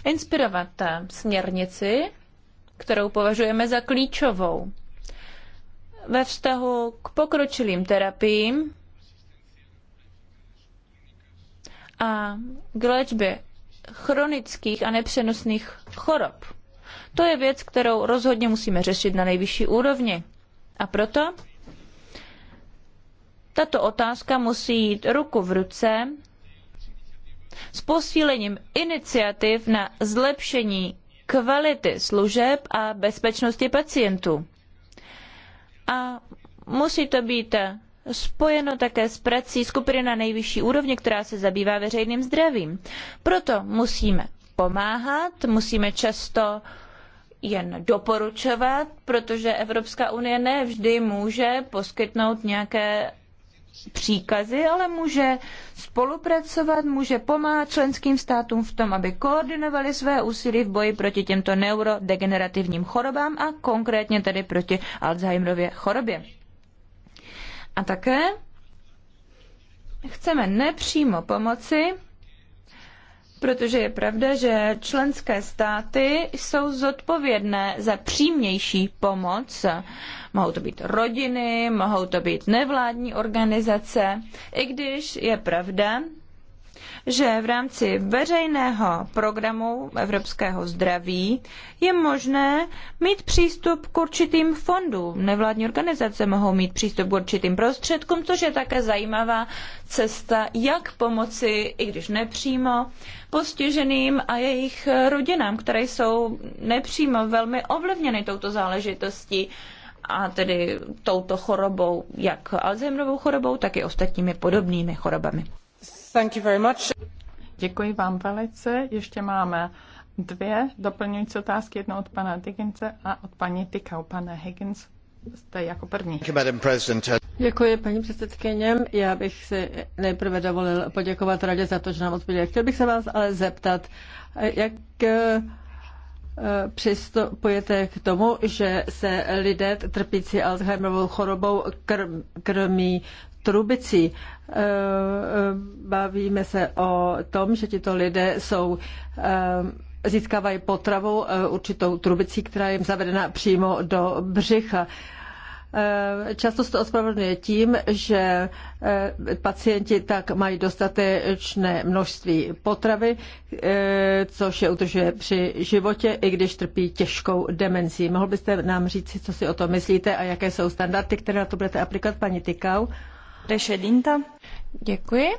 inspirovat směrnici, kterou považujeme za klíčovou ve vztahu k pokročilým terapiím a k léčbě chronických a nepřenosných chorob. To je věc, kterou rozhodně musíme řešit na nejvyšší úrovni. A proto tato otázka musí jít ruku v ruce s posílením iniciativ na zlepšení kvality služeb a bezpečnosti pacientů. A musí to být spojeno také s prací skupiny na nejvyšší úrovni, která se zabývá veřejným zdravím. Proto musíme pomáhat, musíme často jen doporučovat, protože Evropská unie ne vždy může poskytnout nějaké příkazy, ale může spolupracovat, může pomáhat členským státům v tom, aby koordinovali své úsilí v boji proti těmto neurodegenerativním chorobám a konkrétně tedy proti Alzheimerově chorobě. A také chceme nepřímo pomoci Protože je pravda, že členské státy jsou zodpovědné za přímější pomoc. Mohou to být rodiny, mohou to být nevládní organizace, i když je pravda, že v rámci veřejného programu Evropského zdraví je možné mít přístup k určitým fondům. Nevládní organizace mohou mít přístup k určitým prostředkům, což je také zajímavá cesta, jak pomoci, i když nepřímo, postiženým a jejich rodinám, které jsou nepřímo velmi ovlivněny touto záležitostí a tedy touto chorobou, jak Alzheimerovou chorobou, tak i ostatními podobnými chorobami. Děkuji vám velice. Ještě máme dvě doplňující otázky, jednu od pana Higginsa a od paní Tykau. Pane Higgins, jste jako první. Děkuji, paní předsedkyně. Já bych si nejprve dovolil poděkovat radě za to, že nám odpověděla. Chtěl bych se vás ale zeptat, jak přistupujete k tomu, že se lidé trpící Alzheimerovou chorobou krm, krmí trubicí. Eh, eh, bavíme se o tom, že tito lidé jsou eh, získávají potravu určitou trubicí, která je zavedena přímo do břicha. Eh, často se to ospravedlňuje tím, že eh, pacienti tak mají dostatečné množství potravy, eh, což je udržuje při životě, i když trpí těžkou demencí. Mohl byste nám říct, co si o to myslíte a jaké jsou standardy, které na to budete aplikovat, paní Tykau? Rešedinta. Děkuji.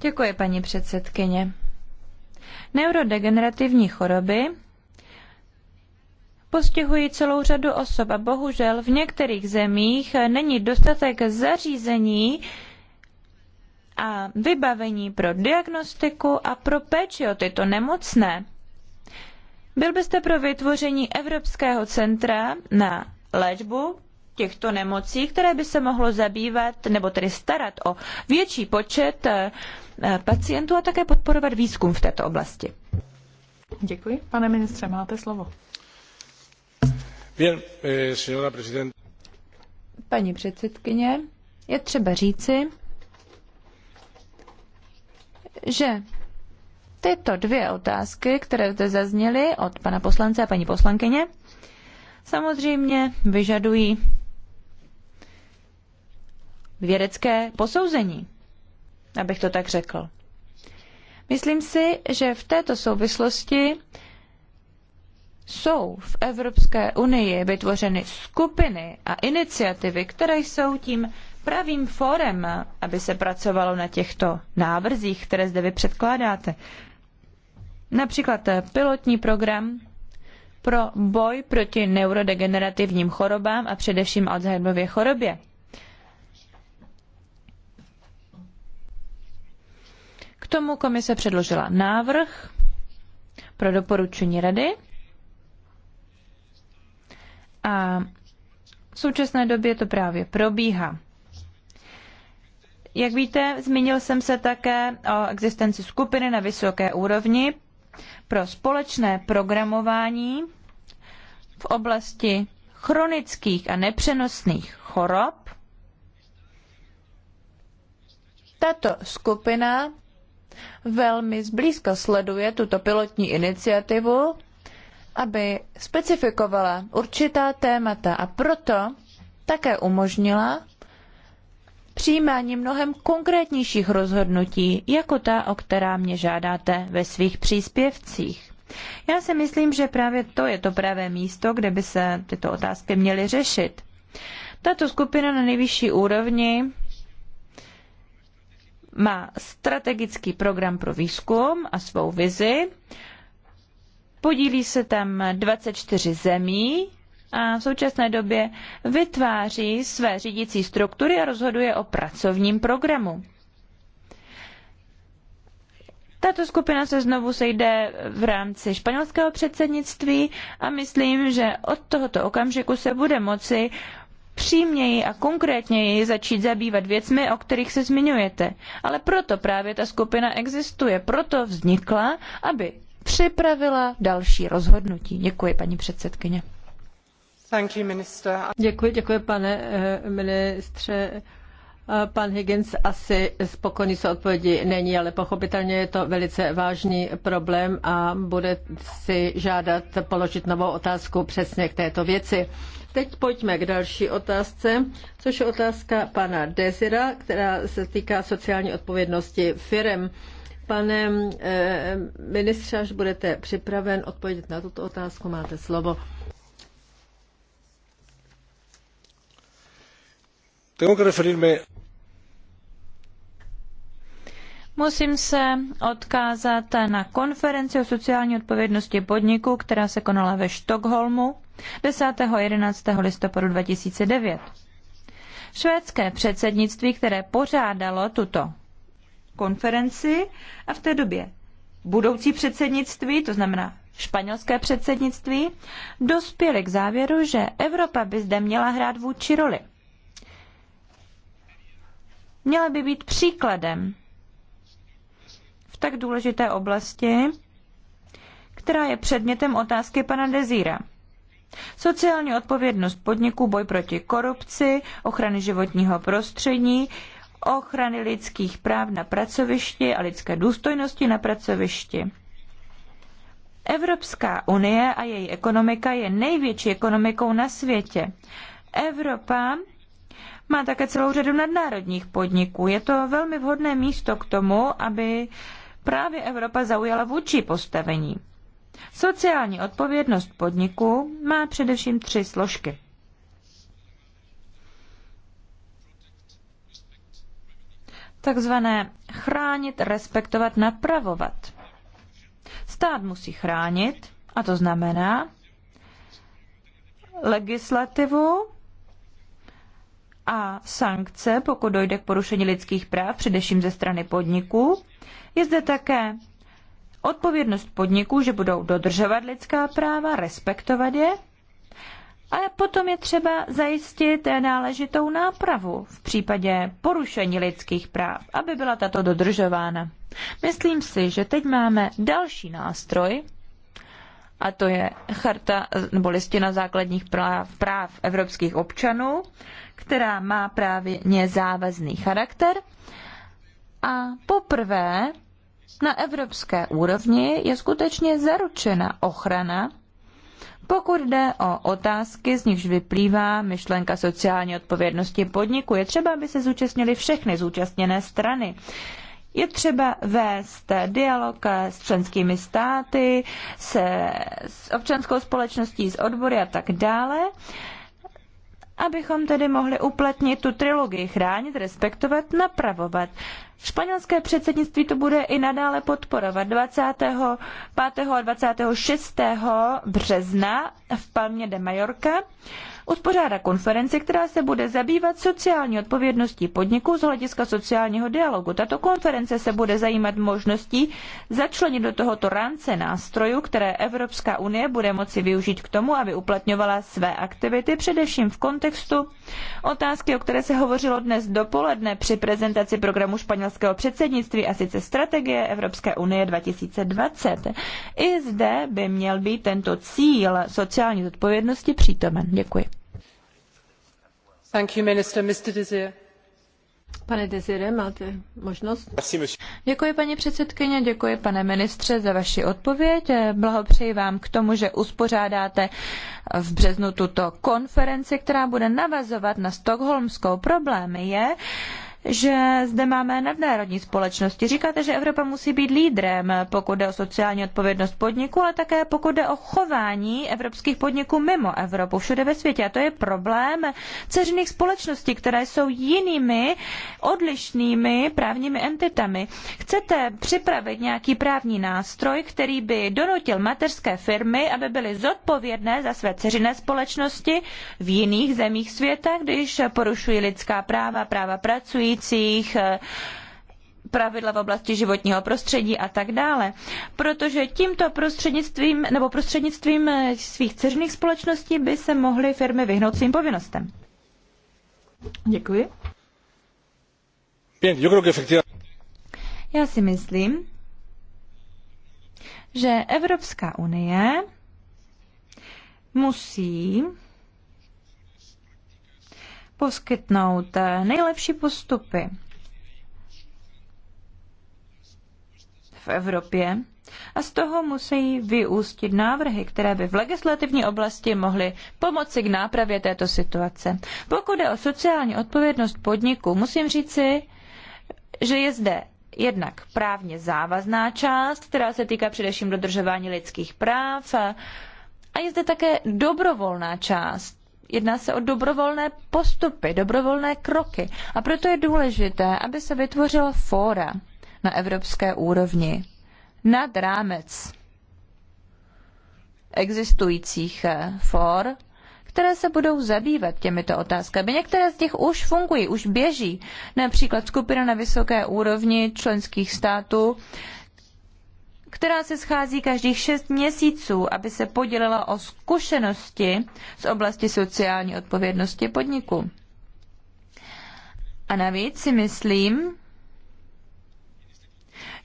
Děkuji, paní předsedkyně. Neurodegenerativní choroby postihují celou řadu osob a bohužel v některých zemích není dostatek zařízení a vybavení pro diagnostiku a pro péči o tyto nemocné. Byl byste pro vytvoření Evropského centra na léčbu těchto nemocí, které by se mohlo zabývat nebo tedy starat o větší počet eh, pacientů a také podporovat výzkum v této oblasti. Děkuji. Pane ministře, máte slovo. Eh, paní předsedkyně, je třeba říci, že tyto dvě otázky, které zde zazněly od pana poslance a paní poslankyně, samozřejmě vyžadují vědecké posouzení, abych to tak řekl. Myslím si, že v této souvislosti jsou v Evropské unii vytvořeny skupiny a iniciativy, které jsou tím pravým fórem, aby se pracovalo na těchto návrzích, které zde vy předkládáte. Například pilotní program pro boj proti neurodegenerativním chorobám a především Alzheimerově chorobě. K tomu komise předložila návrh pro doporučení rady a v současné době to právě probíhá. Jak víte, zmínil jsem se také o existenci skupiny na vysoké úrovni pro společné programování v oblasti chronických a nepřenosných chorob. Tato skupina velmi zblízka sleduje tuto pilotní iniciativu aby specifikovala určitá témata a proto také umožnila přijímání mnohem konkrétnějších rozhodnutí, jako ta, o která mě žádáte ve svých příspěvcích. Já si myslím, že právě to je to pravé místo, kde by se tyto otázky měly řešit. Tato skupina na nejvyšší úrovni má strategický program pro výzkum a svou vizi Podílí se tam 24 zemí a v současné době vytváří své řídící struktury a rozhoduje o pracovním programu. Tato skupina se znovu sejde v rámci španělského předsednictví a myslím, že od tohoto okamžiku se bude moci přímněji a konkrétněji začít zabývat věcmi, o kterých se zmiňujete. Ale proto právě ta skupina existuje, proto vznikla, aby připravila další rozhodnutí. Děkuji, paní předsedkyně. Děkuji, děkuji, pane eh, ministře. Pan Higgins asi spokojený s odpovědí není, ale pochopitelně je to velice vážný problém a bude si žádat položit novou otázku přesně k této věci. Teď pojďme k další otázce, což je otázka pana Desira, která se týká sociální odpovědnosti firem. Pane eh, ministře, až budete připraven odpovědět na tuto otázku, máte slovo. Tengo que referirme Musím se odkázat na konferenci o sociální odpovědnosti podniku, která se konala ve Štokholmu 10. a 11. listopadu 2009. Švédské předsednictví, které pořádalo tuto konferenci a v té době budoucí předsednictví, to znamená španělské předsednictví, dospěli k závěru, že Evropa by zde měla hrát vůči roli. Měla by být příkladem v tak důležité oblasti, která je předmětem otázky pana Dezíra. Sociální odpovědnost podniků, boj proti korupci, ochrany životního prostředí, ochrany lidských práv na pracovišti a lidské důstojnosti na pracovišti. Evropská unie a její ekonomika je největší ekonomikou na světě. Evropa má také celou řadu nadnárodních podniků. Je to velmi vhodné místo k tomu, aby právě Evropa zaujala vůči postavení. Sociální odpovědnost podniků má především tři složky. takzvané chránit, respektovat, napravovat. Stát musí chránit, a to znamená legislativu a sankce, pokud dojde k porušení lidských práv, především ze strany podniků. Je zde také odpovědnost podniků, že budou dodržovat lidská práva, respektovat je ale potom je třeba zajistit náležitou nápravu v případě porušení lidských práv, aby byla tato dodržována. Myslím si, že teď máme další nástroj, a to je charta nebo listina základních práv, práv evropských občanů, která má právě nezávazný charakter. A poprvé na evropské úrovni je skutečně zaručena ochrana pokud jde o otázky, z nichž vyplývá myšlenka sociální odpovědnosti podniku, je třeba, aby se zúčastnili všechny zúčastněné strany. Je třeba vést dialog s členskými státy, se, s občanskou společností, s odbory a tak dále, abychom tedy mohli uplatnit tu trilogii chránit, respektovat, napravovat. Španělské předsednictví to bude i nadále podporovat. 25. a 26. března v Palmě de Mallorca uspořádá konferenci, která se bude zabývat sociální odpovědností podniků z hlediska sociálního dialogu. Tato konference se bude zajímat možností začlenit do tohoto rámce nástrojů, které Evropská unie bude moci využít k tomu, aby uplatňovala své aktivity, především v kontextu otázky, o které se hovořilo dnes dopoledne při prezentaci programu španělského předsednictví a sice strategie Evropské unie 2020. I zde by měl být tento cíl sociální odpovědnosti přítomen. Děkuji. Pane máte možnost? Děkuji, paní předsedkyně, děkuji, pane ministře, za vaši odpověď. Blahopřeji vám k tomu, že uspořádáte v březnu tuto konferenci, která bude navazovat na Stockholmskou. Problém je, že zde máme nadnárodní společnosti. Říkáte, že Evropa musí být lídrem, pokud jde o sociální odpovědnost podniku, ale také pokud jde o chování evropských podniků mimo Evropu, všude ve světě. A to je problém ceřiných společností, které jsou jinými odlišnými právními entitami. Chcete připravit nějaký právní nástroj, který by donutil mateřské firmy, aby byly zodpovědné za své ceřiné společnosti v jiných zemích světa, když porušují lidská práva, práva pracují, investicích, eh, pravidla v oblasti životního prostředí a tak dále. Protože tímto prostřednictvím nebo prostřednictvím eh, svých ceřných společností by se mohly firmy vyhnout svým povinnostem. Děkuji. Já si myslím, že Evropská unie musí poskytnout eh, nejlepší postupy v Evropě a z toho musí vyústit návrhy, které by v legislativní oblasti mohly pomoci k nápravě této situace. Pokud je o sociální odpovědnost podniku, musím říci, že je zde jednak právně závazná část, která se týká především dodržování lidských práv, a je zde také dobrovolná část, Jedná se o dobrovolné postupy, dobrovolné kroky. A proto je důležité, aby se vytvořila fóra na evropské úrovni nad rámec existujících eh, for, které se budou zabývat těmito otázkami. Některé z těch už fungují, už běží. Například skupina na vysoké úrovni členských států, která se schází každých šest měsíců, aby se podělila o zkušenosti z oblasti sociální odpovědnosti podniku. A navíc si myslím,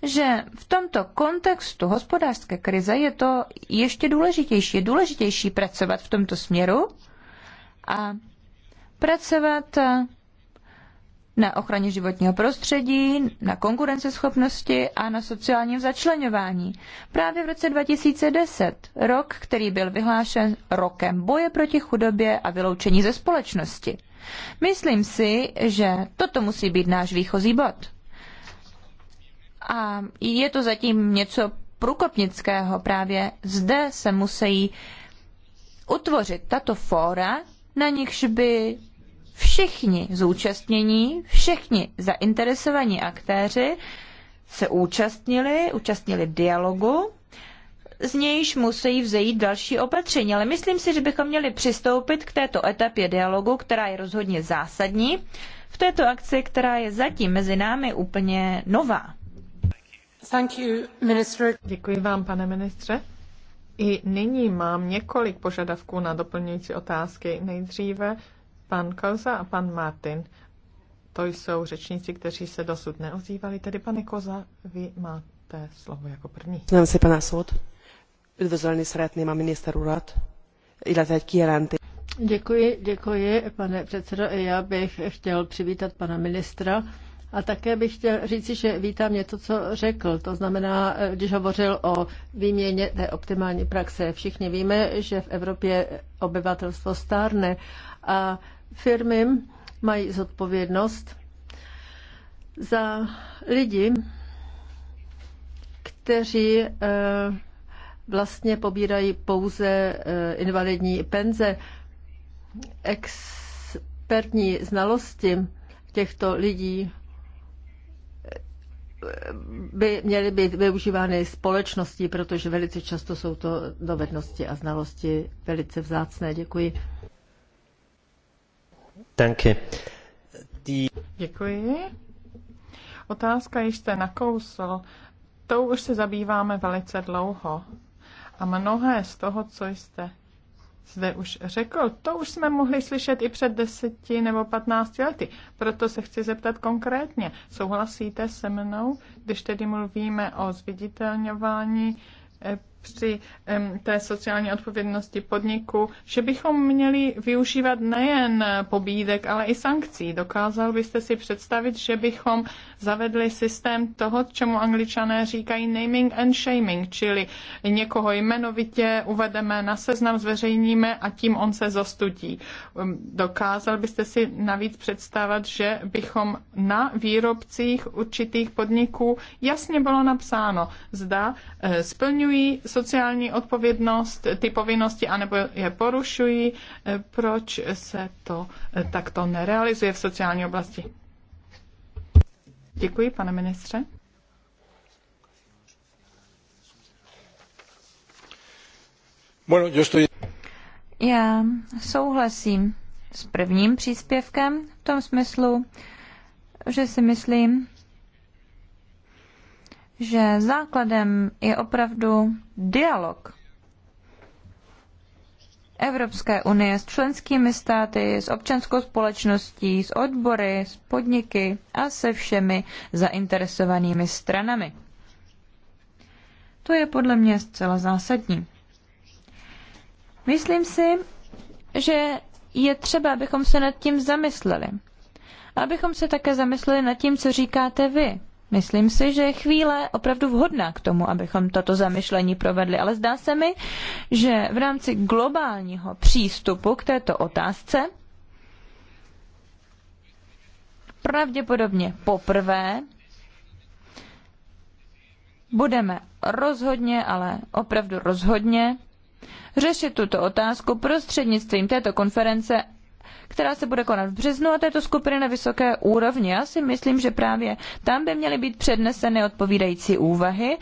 že v tomto kontextu hospodářské krize je to ještě důležitější. Je důležitější pracovat v tomto směru a pracovat na ochraně životního prostředí, na konkurenceschopnosti a na sociálním začlenování. Právě v roce 2010, rok, který byl vyhlášen rokem boje proti chudobě a vyloučení ze společnosti. Myslím si, že toto musí být náš výchozí bod. A je to zatím něco průkopnického. Právě zde se musí utvořit tato fóra, na nichž by všichni zúčastnění, všichni zainteresovaní aktéři se účastnili, účastnili dialogu, z nějž musí vzejít další opatření. Ale myslím si, že bychom měli přistoupit k této etapě dialogu, která je rozhodně zásadní, v této akci, která je zatím mezi námi úplně nová. Thank you, minister. Děkuji vám, pane ministře. I nyní mám několik požadavků na doplňující otázky. Nejdříve Pan Koza a pan Martin, to jsou řečníci, kteří se dosud neozývali. Tedy, pane Koza, vy máte slovo jako první. Znám si pana soud. Üdvözölni szeretném a miniszter urat, illetve egy Děkuji, děkuji, pane předsedo. Já bych chtěl přivítat pana ministra. A také bych chtěl říci, že vítám něco, co řekl. To znamená, když hovořil o výměně té optimální praxe. Všichni víme, že v Evropě obyvatelstvo stárne a Firmy mají zodpovědnost za lidi, kteří eh, vlastně pobírají pouze eh, invalidní penze. Expertní znalosti těchto lidí eh, by měly být využívány společností, protože velice často jsou to dovednosti a znalosti velice vzácné. Děkuji. Děkuji. Otázka ještě jste nakousl. Tou už se zabýváme velice dlouho. A mnohé z toho, co jste zde už řekl, to už jsme mohli slyšet i před deseti nebo patnácti lety. Proto se chci zeptat konkrétně. Souhlasíte se mnou, když tedy mluvíme o zviditelňování eh, při té sociální odpovědnosti podniku, že bychom měli využívat nejen pobídek, ale i sankcí. Dokázal byste si představit, že bychom zavedli systém toho, čemu angličané říkají naming and shaming, čili někoho jmenovitě uvedeme na seznam, zveřejníme a tím on se zostudí. Dokázal byste si navíc představit, že bychom na výrobcích určitých podniků jasně bylo napsáno, zda eh, splňují sociální odpovědnost, ty povinnosti, anebo je porušují. Eh, Proč se to eh, takto nerealizuje v sociální oblasti? Děkuji, pane ministře. Já souhlasím s prvním příspěvkem v tom smyslu, že si myslím, že základem je opravdu dialog Evropské unie s členskými státy, s občanskou společností, s odbory, s podniky a se všemi zainteresovanými stranami. To je podle mě zcela zásadní. Myslím si, že je třeba, abychom se nad tím zamysleli. Abychom se také zamysleli nad tím, co říkáte vy. Myslím si, že je chvíle opravdu vhodná k tomu, abychom toto zamyšlení provedli, ale zdá se mi, že v rámci globálního přístupu k této otázce pravděpodobně poprvé budeme rozhodně, ale opravdu rozhodně řešit tuto otázku prostřednictvím této konference která se bude konat v březnu a této skupiny na vysoké úrovni. Já si myslím, že právě tam by měly být předneseny odpovídající úvahy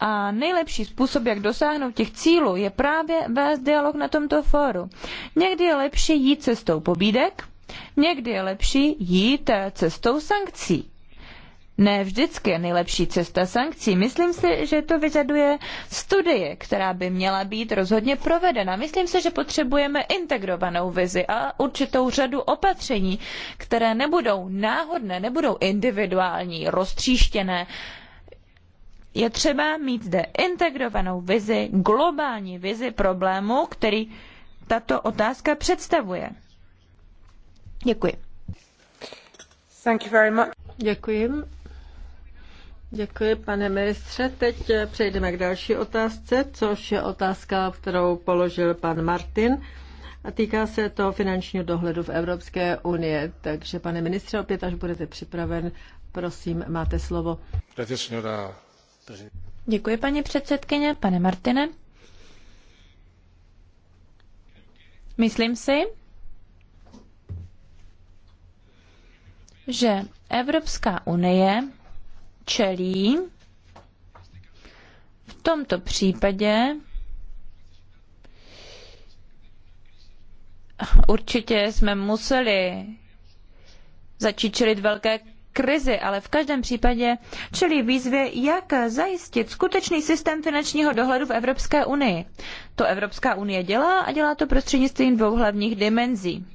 a nejlepší způsob, jak dosáhnout těch cílů, je právě vést dialog na tomto fóru. Někdy je lepší jít cestou pobídek, někdy je lepší jít cestou sankcí ne vždycky je nejlepší cesta sankcí. Myslím si, že to vyžaduje studie, která by měla být rozhodně provedena. Myslím si, že potřebujeme integrovanou vizi a určitou řadu opatření, které nebudou náhodné, nebudou individuální, roztříštěné. Je třeba mít zde integrovanou vizi, globální vizi problému, který tato otázka představuje. Děkuji. Thank you very much. Děkuji. Děkuji, pane ministře. Teď přejdeme k další otázce, což je otázka, kterou položil pan Martin. A týká se to finančního dohledu v Evropské unii. Takže, pane ministře, opět, až budete připraven, prosím, máte slovo. Děkuji, paní předsedkyně, pane Martine. Myslím si, že Evropská unie čelí. V tomto případě určitě jsme museli začít čelit velké krizi, ale v každém případě čelí výzvě, jak zajistit skutečný systém finančního dohledu v Evropské unii. To Evropská unie dělá a dělá to prostřednictvím dvou hlavních dimenzí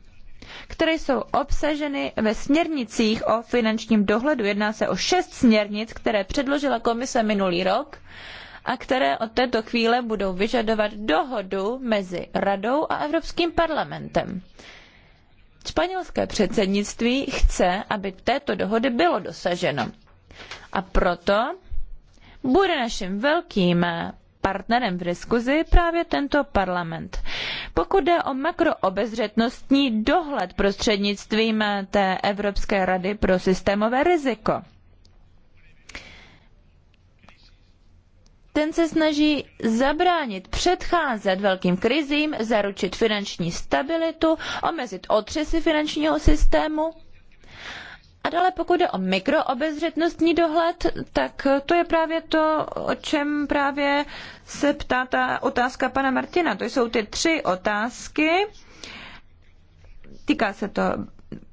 které jsou obsaženy ve směrnicích o finančním dohledu. Jedná se o šest směrnic, které předložila komise minulý rok a které od této chvíle budou vyžadovat dohodu mezi Radou a Evropským parlamentem. Španělské předsednictví chce, aby této dohody bylo dosaženo. A proto bude naším velkým partnerem v diskuzi je právě tento parlament. Pokud jde o makroobezřetnostní dohled prostřednictvím té Evropské rady pro systémové riziko, ten se snaží zabránit, předcházet velkým krizím, zaručit finanční stabilitu, omezit otřesy finančního systému a dále pokud jde o mikroobezřetnostní dohled, tak to je právě to, o čem právě se ptá ta otázka pana Martina. To jsou ty tři otázky. Týká se to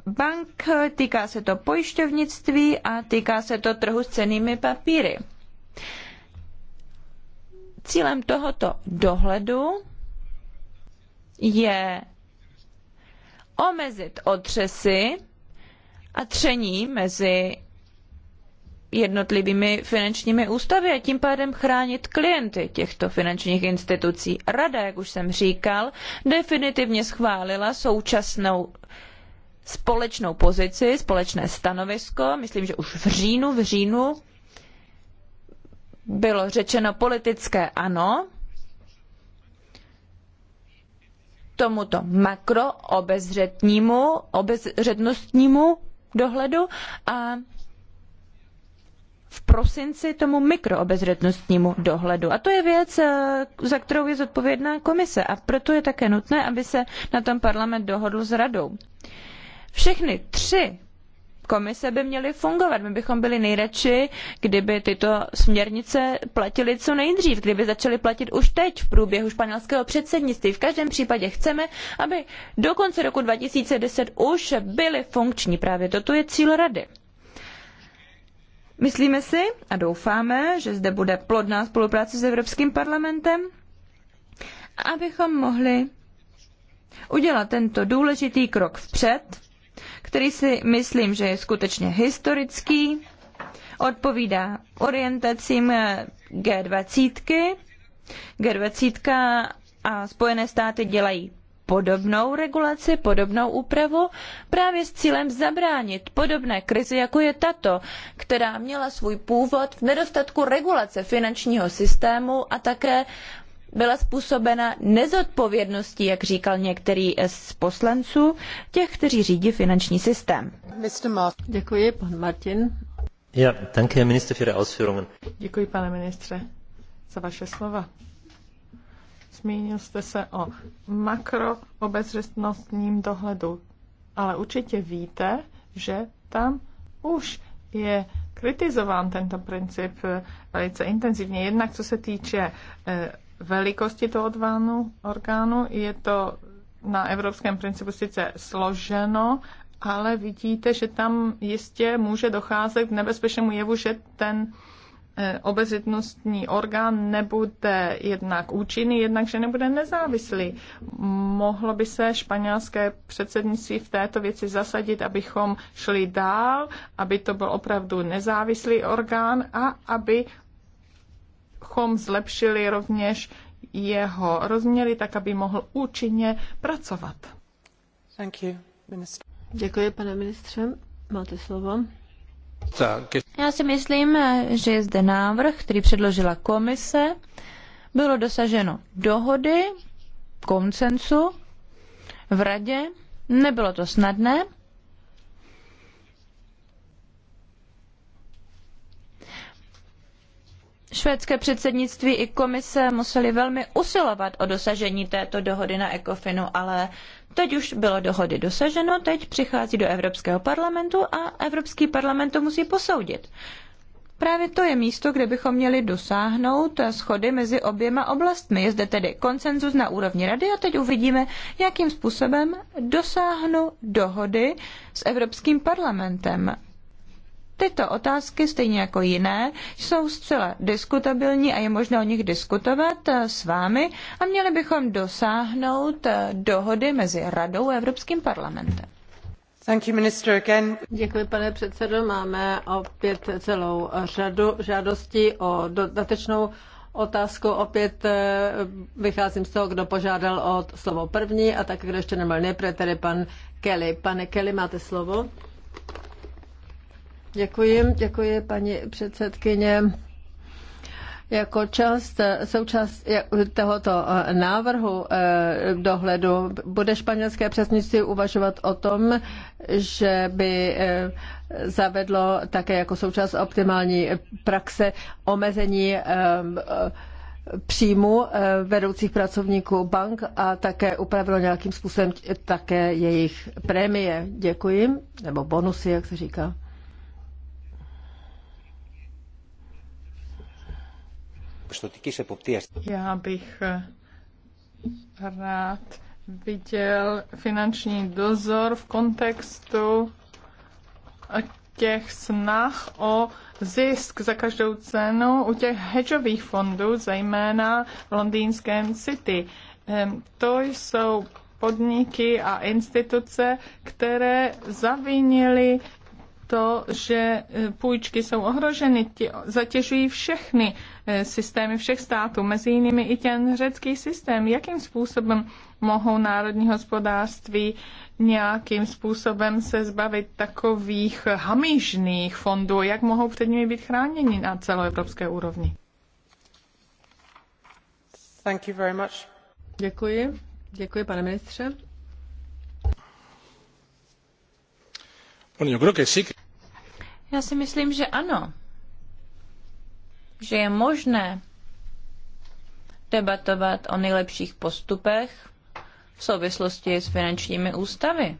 bank, týká se to pojišťovnictví a týká se to trhu s cenými papíry. Cílem tohoto dohledu je omezit otřesy a tření mezi jednotlivými finančními ústavy a tím pádem chránit klienty těchto finančních institucí. Rada, jak už jsem říkal, definitivně schválila současnou společnou pozici, společné stanovisko, myslím, že už v říjnu, v říjnu bylo řečeno politické ano tomuto makroobezřetnímu obezřetnostnímu dohledu a v prosinci tomu mikroobezřetnostnímu dohledu. A to je věc, eh, za kterou je zodpovědná komise a proto je také nutné, aby se na tom parlament dohodl s radou. Všechny tři komise by měly fungovat. My bychom byli nejradši, kdyby tyto směrnice platily co nejdřív, kdyby začaly platit už teď v průběhu španělského předsednictví. V každém případě chceme, aby do konce roku 2010 už byly funkční. Právě toto je cíl rady. Myslíme si a doufáme, že zde bude plodná spolupráce s Evropským parlamentem, abychom mohli udělat tento důležitý krok vpřed který si myslím, že je skutečně historický, odpovídá orientacím G20. Eh, G20 a Spojené státy dělají podobnou regulaci, podobnou úpravu, právě s cílem zabránit podobné krizi, jako je tato, která měla svůj původ v nedostatku regulace finančního systému a také byla způsobena nezodpovědností, jak říkal některý z poslanců, těch, kteří řídí finanční systém. Děkuji, pan Martin. Ja, danke, Herr Minister, für Ihre Ausführungen. Děkuji, pane ministře, za vaše slova. Zmínil jste se o makroobezřetnostním dohledu, ale určitě víte, že tam už je kritizován tento princip velice intenzivně. Jednak co se týče eh, velikosti toho odvánu, orgánu. Je to na evropském principu sice složeno, ale vidíte, že tam jistě může docházet k nebezpečnému jevu, že ten e, obezitnostní orgán nebude jednak účinný, jednak že nebude nezávislý. Mohlo by se španělské předsednictví v této věci zasadit, abychom šli dál, aby to byl opravdu nezávislý orgán a aby abychom zlepšili rovněž jeho rozměry, tak aby mohl účinně pracovat. Thank you, minister. Děkuji, pane ministře. Máte slovo. Já si myslím, že je zde návrh, který předložila komise. Bylo dosaženo dohody, koncensu v radě. Nebylo to snadné, švédské předsednictví i komise museli velmi usilovat o dosažení této dohody na ECOFINu, ale teď už bylo dohody dosaženo, teď přichází do Evropského parlamentu a Evropský parlament to musí posoudit. Právě to je místo, kde bychom měli dosáhnout schody mezi oběma oblastmi. Je zde tedy konsenzus na úrovni rady a teď uvidíme, jakým způsobem dosáhnu dohody s Evropským parlamentem Tyto otázky, stejně jako jiné, jsou zcela diskutabilní a je možné o nich diskutovat eh, s vámi a měli bychom dosáhnout eh, dohody mezi Radou a Evropským parlamentem. You, Děkuji, pane předsedo. Máme opět celou řadu žádostí o dodatečnou otázku. Opět eh, vycházím z toho, kdo požádal o slovo první a tak, kdo ještě neměl nejprve, tedy pan Kelly. Pane Kelly, máte slovo. Děkuji, děkuji paní předsedkyně jako část součást tohoto eh, návrhu eh, dohledu bude španělské přesnictví uvažovat o tom, že by eh, zavedlo také jako součást optimální praxe omezení příjmu vedoucích pracovníků bank a také upravilo nějakým způsobem také jejich prémie. Děkuji, nebo bonusy, jak se říká. χρηματοπιστωτικής εποπτείας. Já bych eh, rád viděl finanční dozor v kontextu eh, těch snah o zisk za každou cenu u těch hedžových fondů, zejména v londýnském City. To jsou podniky a instituce, které zavinily to, že e, půjčky jsou ohroženy, ti zatěžují všechny e, systémy všech států, mezi jinými i ten řecký systém. Jakým způsobem mohou národní hospodářství nějakým způsobem se zbavit takových hamižných fondů? Jak mohou před nimi být chráněni na celoevropské úrovni? Thank you very much. Děkuji. Děkuji, pane ministře. Já si myslím, že ano. Že je možné debatovat o nejlepších postupech v souvislosti s finančními ústavy.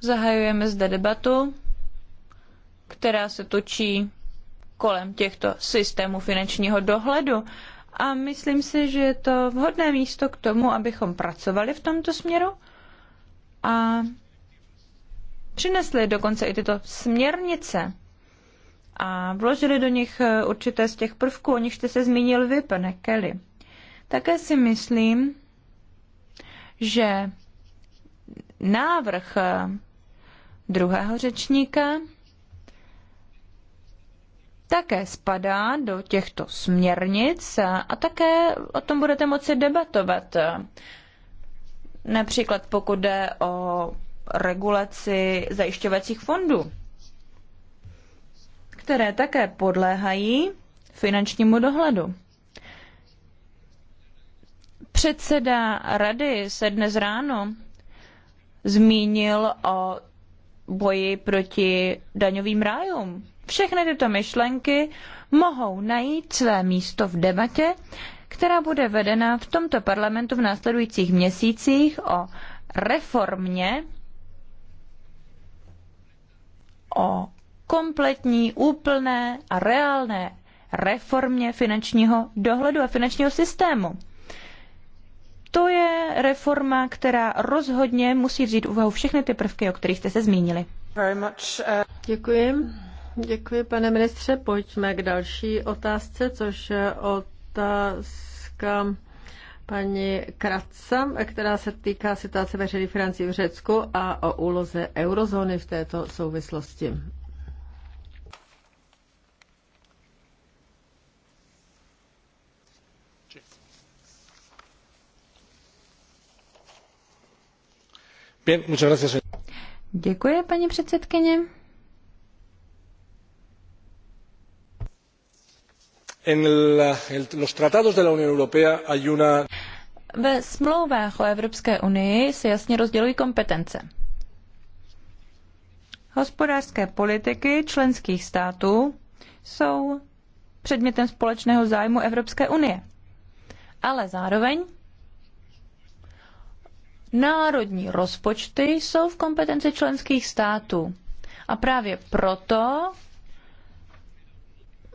Zahajujeme zde debatu, která se točí kolem těchto systémů finančního dohledu a myslím si, že je to vhodné místo k tomu, abychom pracovali v tomto směru a přinesli dokonce i tyto směrnice a vložili do nich eh, určité z těch prvků, o nichž jste se zmínil vy, pane Kelly. Také si myslím, že návrh eh, druhého řečníka také spadá do těchto směrnic a také o tom budete moci debatovat. Například pokud jde o regulaci zajišťovacích fondů, které také podléhají finančnímu dohledu. Předseda rady se dnes ráno zmínil o boji proti daňovým rájům. Všechny tyto myšlenky mohou najít své místo v debatě, která bude vedena v tomto parlamentu v následujících měsících o reformě o kompletní, úplné a reálné reformě finančního dohledu a finančního systému. To je reforma, která rozhodně musí vzít úvahu všechny ty prvky, o kterých jste se zmínili. Uh, Děkuji. Děkuji, pane ministře. Pojďme k další otázce, což je otázka paní Kratsa, která se týká situace veřejných financí v Řecku a o úloze eurozóny v této souvislosti. Děkuji, paní předsedkyně. En los tratados de la Unión Europea hay una ve smlouvách o Evropské unii se jasně rozdělují kompetence. Hospodářské politiky členských států jsou předmětem společného zájmu Evropské unie. Ale zároveň národní rozpočty jsou v kompetenci členských států. A právě proto,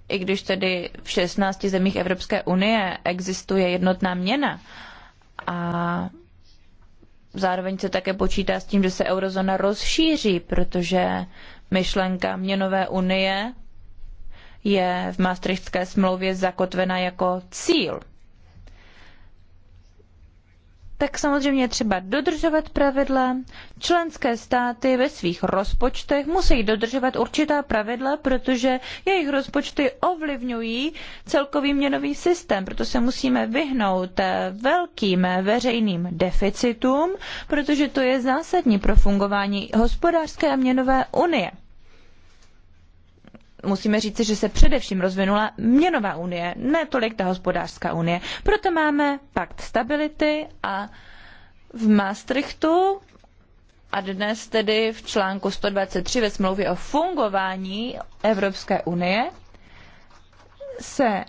i když tedy v 16 zemích Evropské unie existuje jednotná měna, a zároveň se také počítá s tím, že se eurozona rozšíří, protože myšlenka měnové unie je v Maastrichtské smlouvě zakotvena jako cíl tak samozřejmě třeba dodržovat pravidla. Členské státy ve svých rozpočtech musí dodržovat určitá pravidla, protože jejich rozpočty ovlivňují celkový měnový systém. Proto se musíme vyhnout velkým veřejným deficitům, protože to je zásadní pro fungování hospodářské a měnové unie musíme říci, že se především rozvinula měnová unie, ne tolik ta hospodářská unie. Proto máme pakt stability a v Maastrichtu a dnes tedy v článku 123 ve smlouvě o fungování Evropské unie se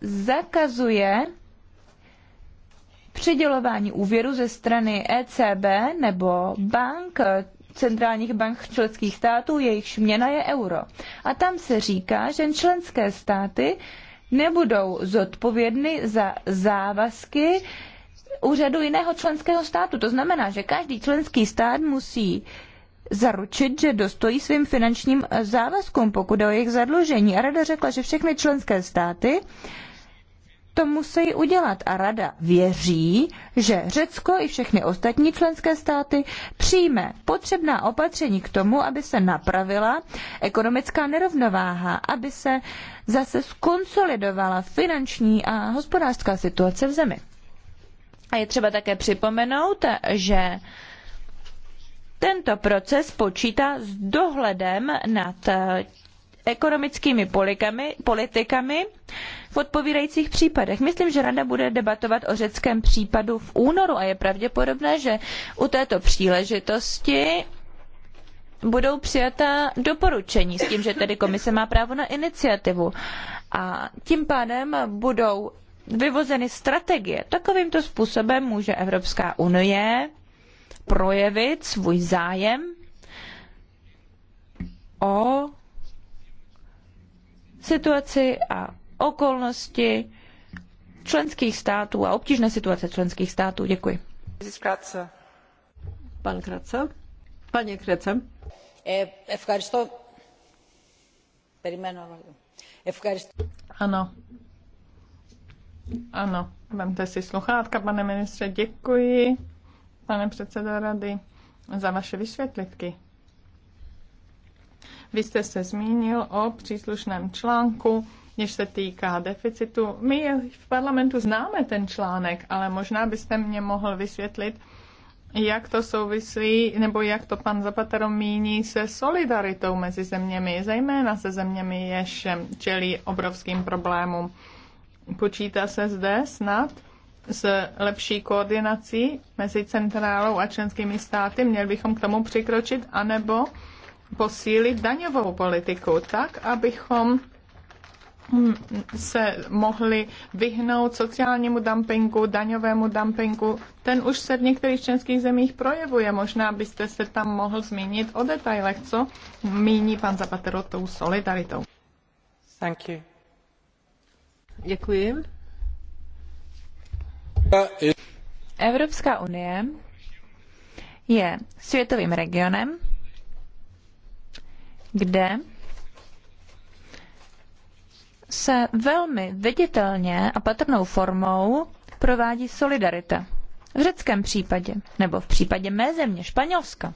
zakazuje přidělování úvěru ze strany ECB nebo bank centrálních bank členských států, jejichž měna je euro. A tam se říká, že členské státy nebudou zodpovědny za závazky úřadu jiného členského státu. To znamená, že každý členský stát musí zaručit, že dostojí svým finančním závazkům, pokud o jejich zadlužení. A rada řekla, že všechny členské státy uh, to musí udělat. A rada věří, že Řecko i všechny ostatní členské státy přijme potřebná opatření k tomu, aby se napravila ekonomická nerovnováha, aby se zase skonsolidovala finanční a hospodářská situace v zemi. A je třeba také připomenout, že tento proces počítá s dohledem nad ekonomickými politikami, politikami v odpovídajících případech. Myslím, že Rada bude debatovat o řeckém případu v únoru a je pravděpodobné, že u této příležitosti budou přijata doporučení s tím, že tedy komise má právo na iniciativu. A tím pádem budou vyvozeny strategie. Takovýmto způsobem může Evropská unie projevit svůj zájem o situaci a okolnosti členských států a obtížné situace členských států. Děkuji. Pan Kratce. Paní Kratce. Ano. Ano, vemte si sluchátka, pane ministře, děkuji, pane předsedo rady, za vaše vysvětlitky. Vy jste se zmínil o příslušném článku, než se týká deficitu. My v parlamentu známe ten článek, ale možná byste mě mohl vysvětlit, jak to souvisí, nebo jak to pan Zapatero míní se solidaritou mezi zeměmi, zejména se zeměmi, jež čelí obrovským problémům. Počítá se zde snad s lepší koordinací mezi centrálou a členskými státy? Měli bychom k tomu přikročit, anebo posílit daňovou politiku tak, abychom se mohli vyhnout sociálnímu dumpingu, daňovému dumpingu. Ten už se v některých členských zemích projevuje. Možná byste se tam mohl zmínit o detailech, co míní pan Zapatero tou solidaritou. Thank you. Děkuji. Evropská unie je světovým regionem, kde se velmi viditelně a patrnou formou provádí solidarita. V řeckém případě, nebo v případě mé země, Španělska,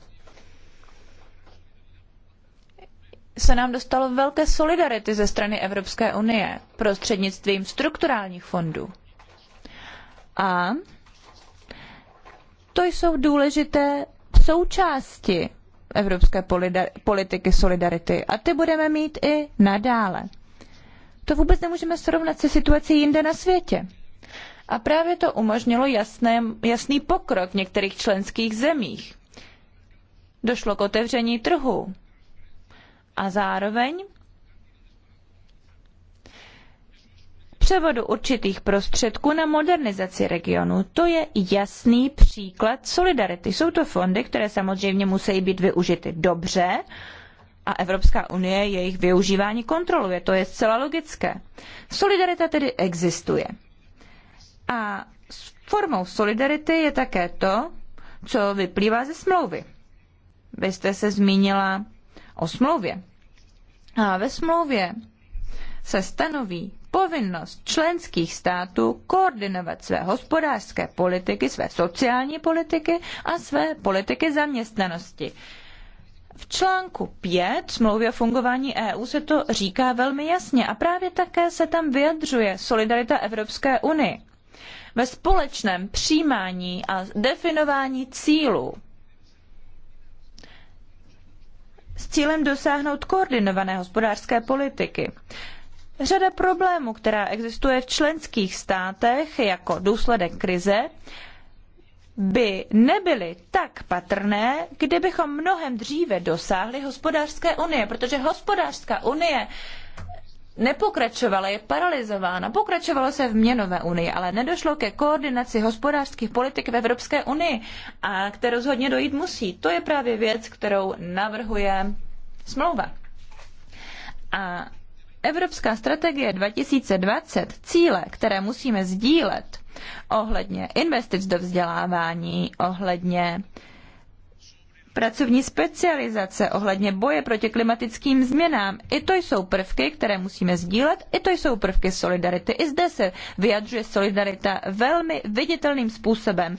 se nám dostalo velké solidarity ze strany Evropské unie prostřednictvím strukturálních fondů. A to jsou důležité součásti evropské politiky solidarity. A ty budeme mít i nadále. To vůbec nemůžeme srovnat se situací jinde na světě. A právě to umožnilo jasné, jasný pokrok v některých členských zemích. Došlo k otevření trhu. A zároveň převodu určitých prostředků na modernizaci regionu. To je jasný příklad solidarity. Jsou to fondy, které samozřejmě musí být využity dobře a Evropská unie jejich využívání kontroluje. To je zcela logické. Solidarita tedy existuje. A formou solidarity je také to, co vyplývá ze smlouvy. Vy jste se zmínila o smlouvě. A ve smlouvě se stanoví povinnost členských států koordinovat své hospodářské politiky, své sociální politiky a své politiky zaměstnanosti. V článku 5 smlouvy o fungování EU se to říká velmi jasně a právě také se tam vyjadřuje solidarita Evropské unie. Ve společném přijímání a definování cílů s cílem dosáhnout koordinované hospodářské politiky řada problémů, která existuje v členských státech jako důsledek krize, by nebyly tak patrné, kdybychom mnohem dříve dosáhli hospodářské unie, protože hospodářská unie nepokračovala, je paralizována. Pokračovalo se v měnové unii, ale nedošlo ke koordinaci hospodářských politik v Evropské unii, a které rozhodně dojít musí. To je právě věc, kterou navrhuje smlouva. A Evropská strategie 2020, cíle, které musíme sdílet ohledně investic do vzdělávání, ohledně pracovní specializace, ohledně boje proti klimatickým změnám. I to jsou prvky, které musíme sdílet, i to jsou prvky solidarity. I zde se vyjadřuje solidarita velmi viditelným způsobem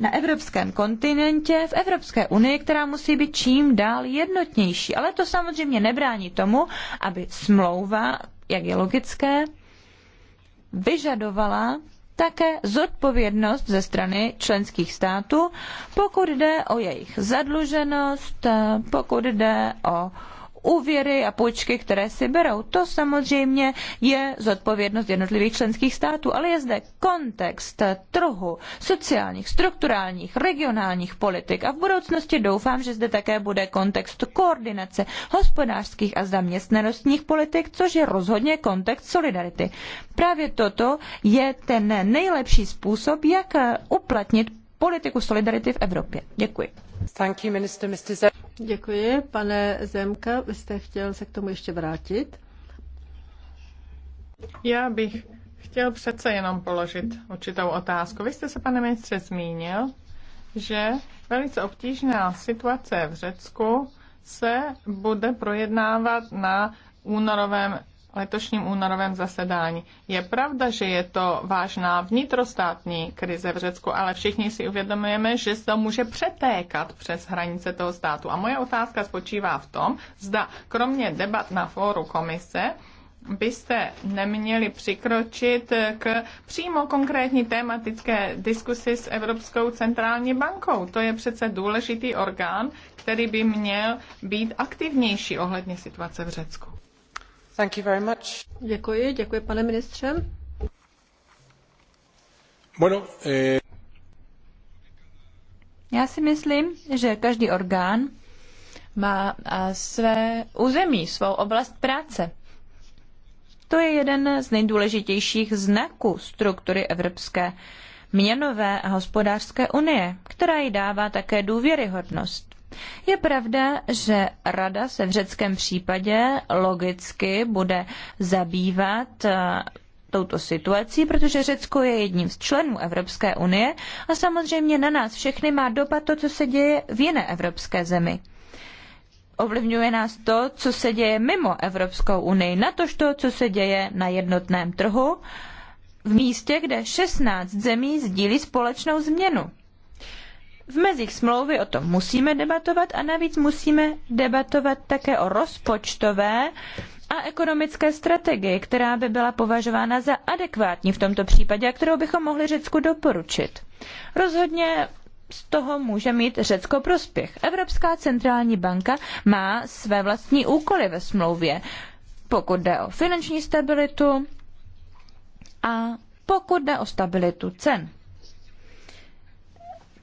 na evropském kontinentě, v Evropské unii, která musí být čím dál jednotnější. Ale to samozřejmě nebrání tomu, aby smlouva, jak je logické, vyžadovala také zodpovědnost ze strany členských států, pokud jde o jejich zadluženost, pokud jde o úvěry a půjčky, které si berou. To samozřejmě je zodpovědnost jednotlivých členských států, ale je zde kontext trhu, sociálních, strukturálních, regionálních politik a v budoucnosti doufám, že zde také bude kontext koordinace hospodářských a zaměstnanostních politik, což je rozhodně kontext solidarity. Právě toto je ten nejlepší způsob, jak uplatnit politiku solidarity v Evropě. Děkuji. Thank you, minister, Mr. Zem. Děkuji, pane Zemka. Vy jste chtěl se k tomu ještě vrátit? Já bych chtěl přece jenom položit určitou otázku. Vy jste se, pane ministře, zmínil, že velice obtížná situace v Řecku se bude projednávat na únorovém letošním únorovém zasedání. Je pravda, že je to vážná vnitrostátní krize v Řecku, ale všichni si uvědomujeme, že se to může přetékat přes hranice toho státu. A moje otázka spočívá v tom, zda kromě debat na fóru komise, byste neměli přikročit k přímo konkrétní tématické diskusi s Evropskou centrální bankou. To je přece důležitý orgán, který by měl být aktivnější ohledně situace v Řecku. Děkuji, děkuji pane ministře. Eh, Já si myslím, že každý orgán má eh, své území, svou oblast práce. To je jeden z nejdůležitějších znaků struktury Evropské měnové a hospodářské unie, která jí dává také důvěryhodnost. Je pravda, že Rada se v řeckém případě logicky bude zabývat eh, touto situací, protože Řecko je jedním z členů Evropské unie a samozřejmě na nás všechny má dopad to, co se děje v jiné evropské zemi. Ovlivňuje nás to, co se děje mimo Evropskou unii, na to, co se děje na jednotném trhu, v místě, kde 16 zemí sdílí společnou změnu v mezích smlouvy o tom musíme debatovat a navíc musíme debatovat také o rozpočtové a ekonomické strategii, která by byla považována za adekvátní v tomto případě a kterou bychom mohli Řecku doporučit. Rozhodně z toho může mít Řecko prospěch. Evropská centrální banka má své vlastní úkoly ve smlouvě, pokud jde o finanční stabilitu a pokud jde o stabilitu cen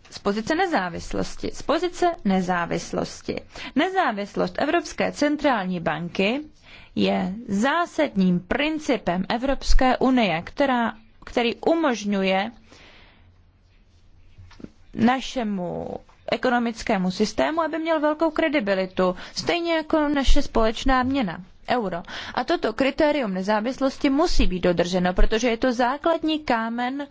z pozice nezávislosti. Z pozice nezávislosti. Nezávislost Evropské centrální banky je zásadním principem Evropské unie, která, který umožňuje našemu ekonomickému systému, aby měl velkou kredibilitu, stejně jako naše společná měna euro. A toto kritérium nezávislosti musí být dodrženo, protože je to základní kámen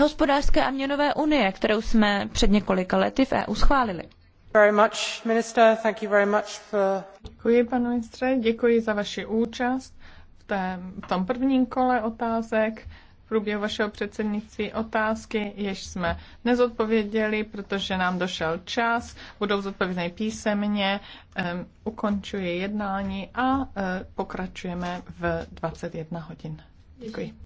hospodářské a měnové unie, kterou jsme před několika lety v EU schválili. Much, minister, for... Děkuji, pane ministře, děkuji za vaši účast v, té, v tom prvním kole otázek. V průběhu vašeho předsednictví otázky, jež jsme nezodpověděli, protože nám došel čas, budou zodpovězeny písemně, um, ukončuji jednání a uh, pokračujeme v 21 hodin. Děkuji.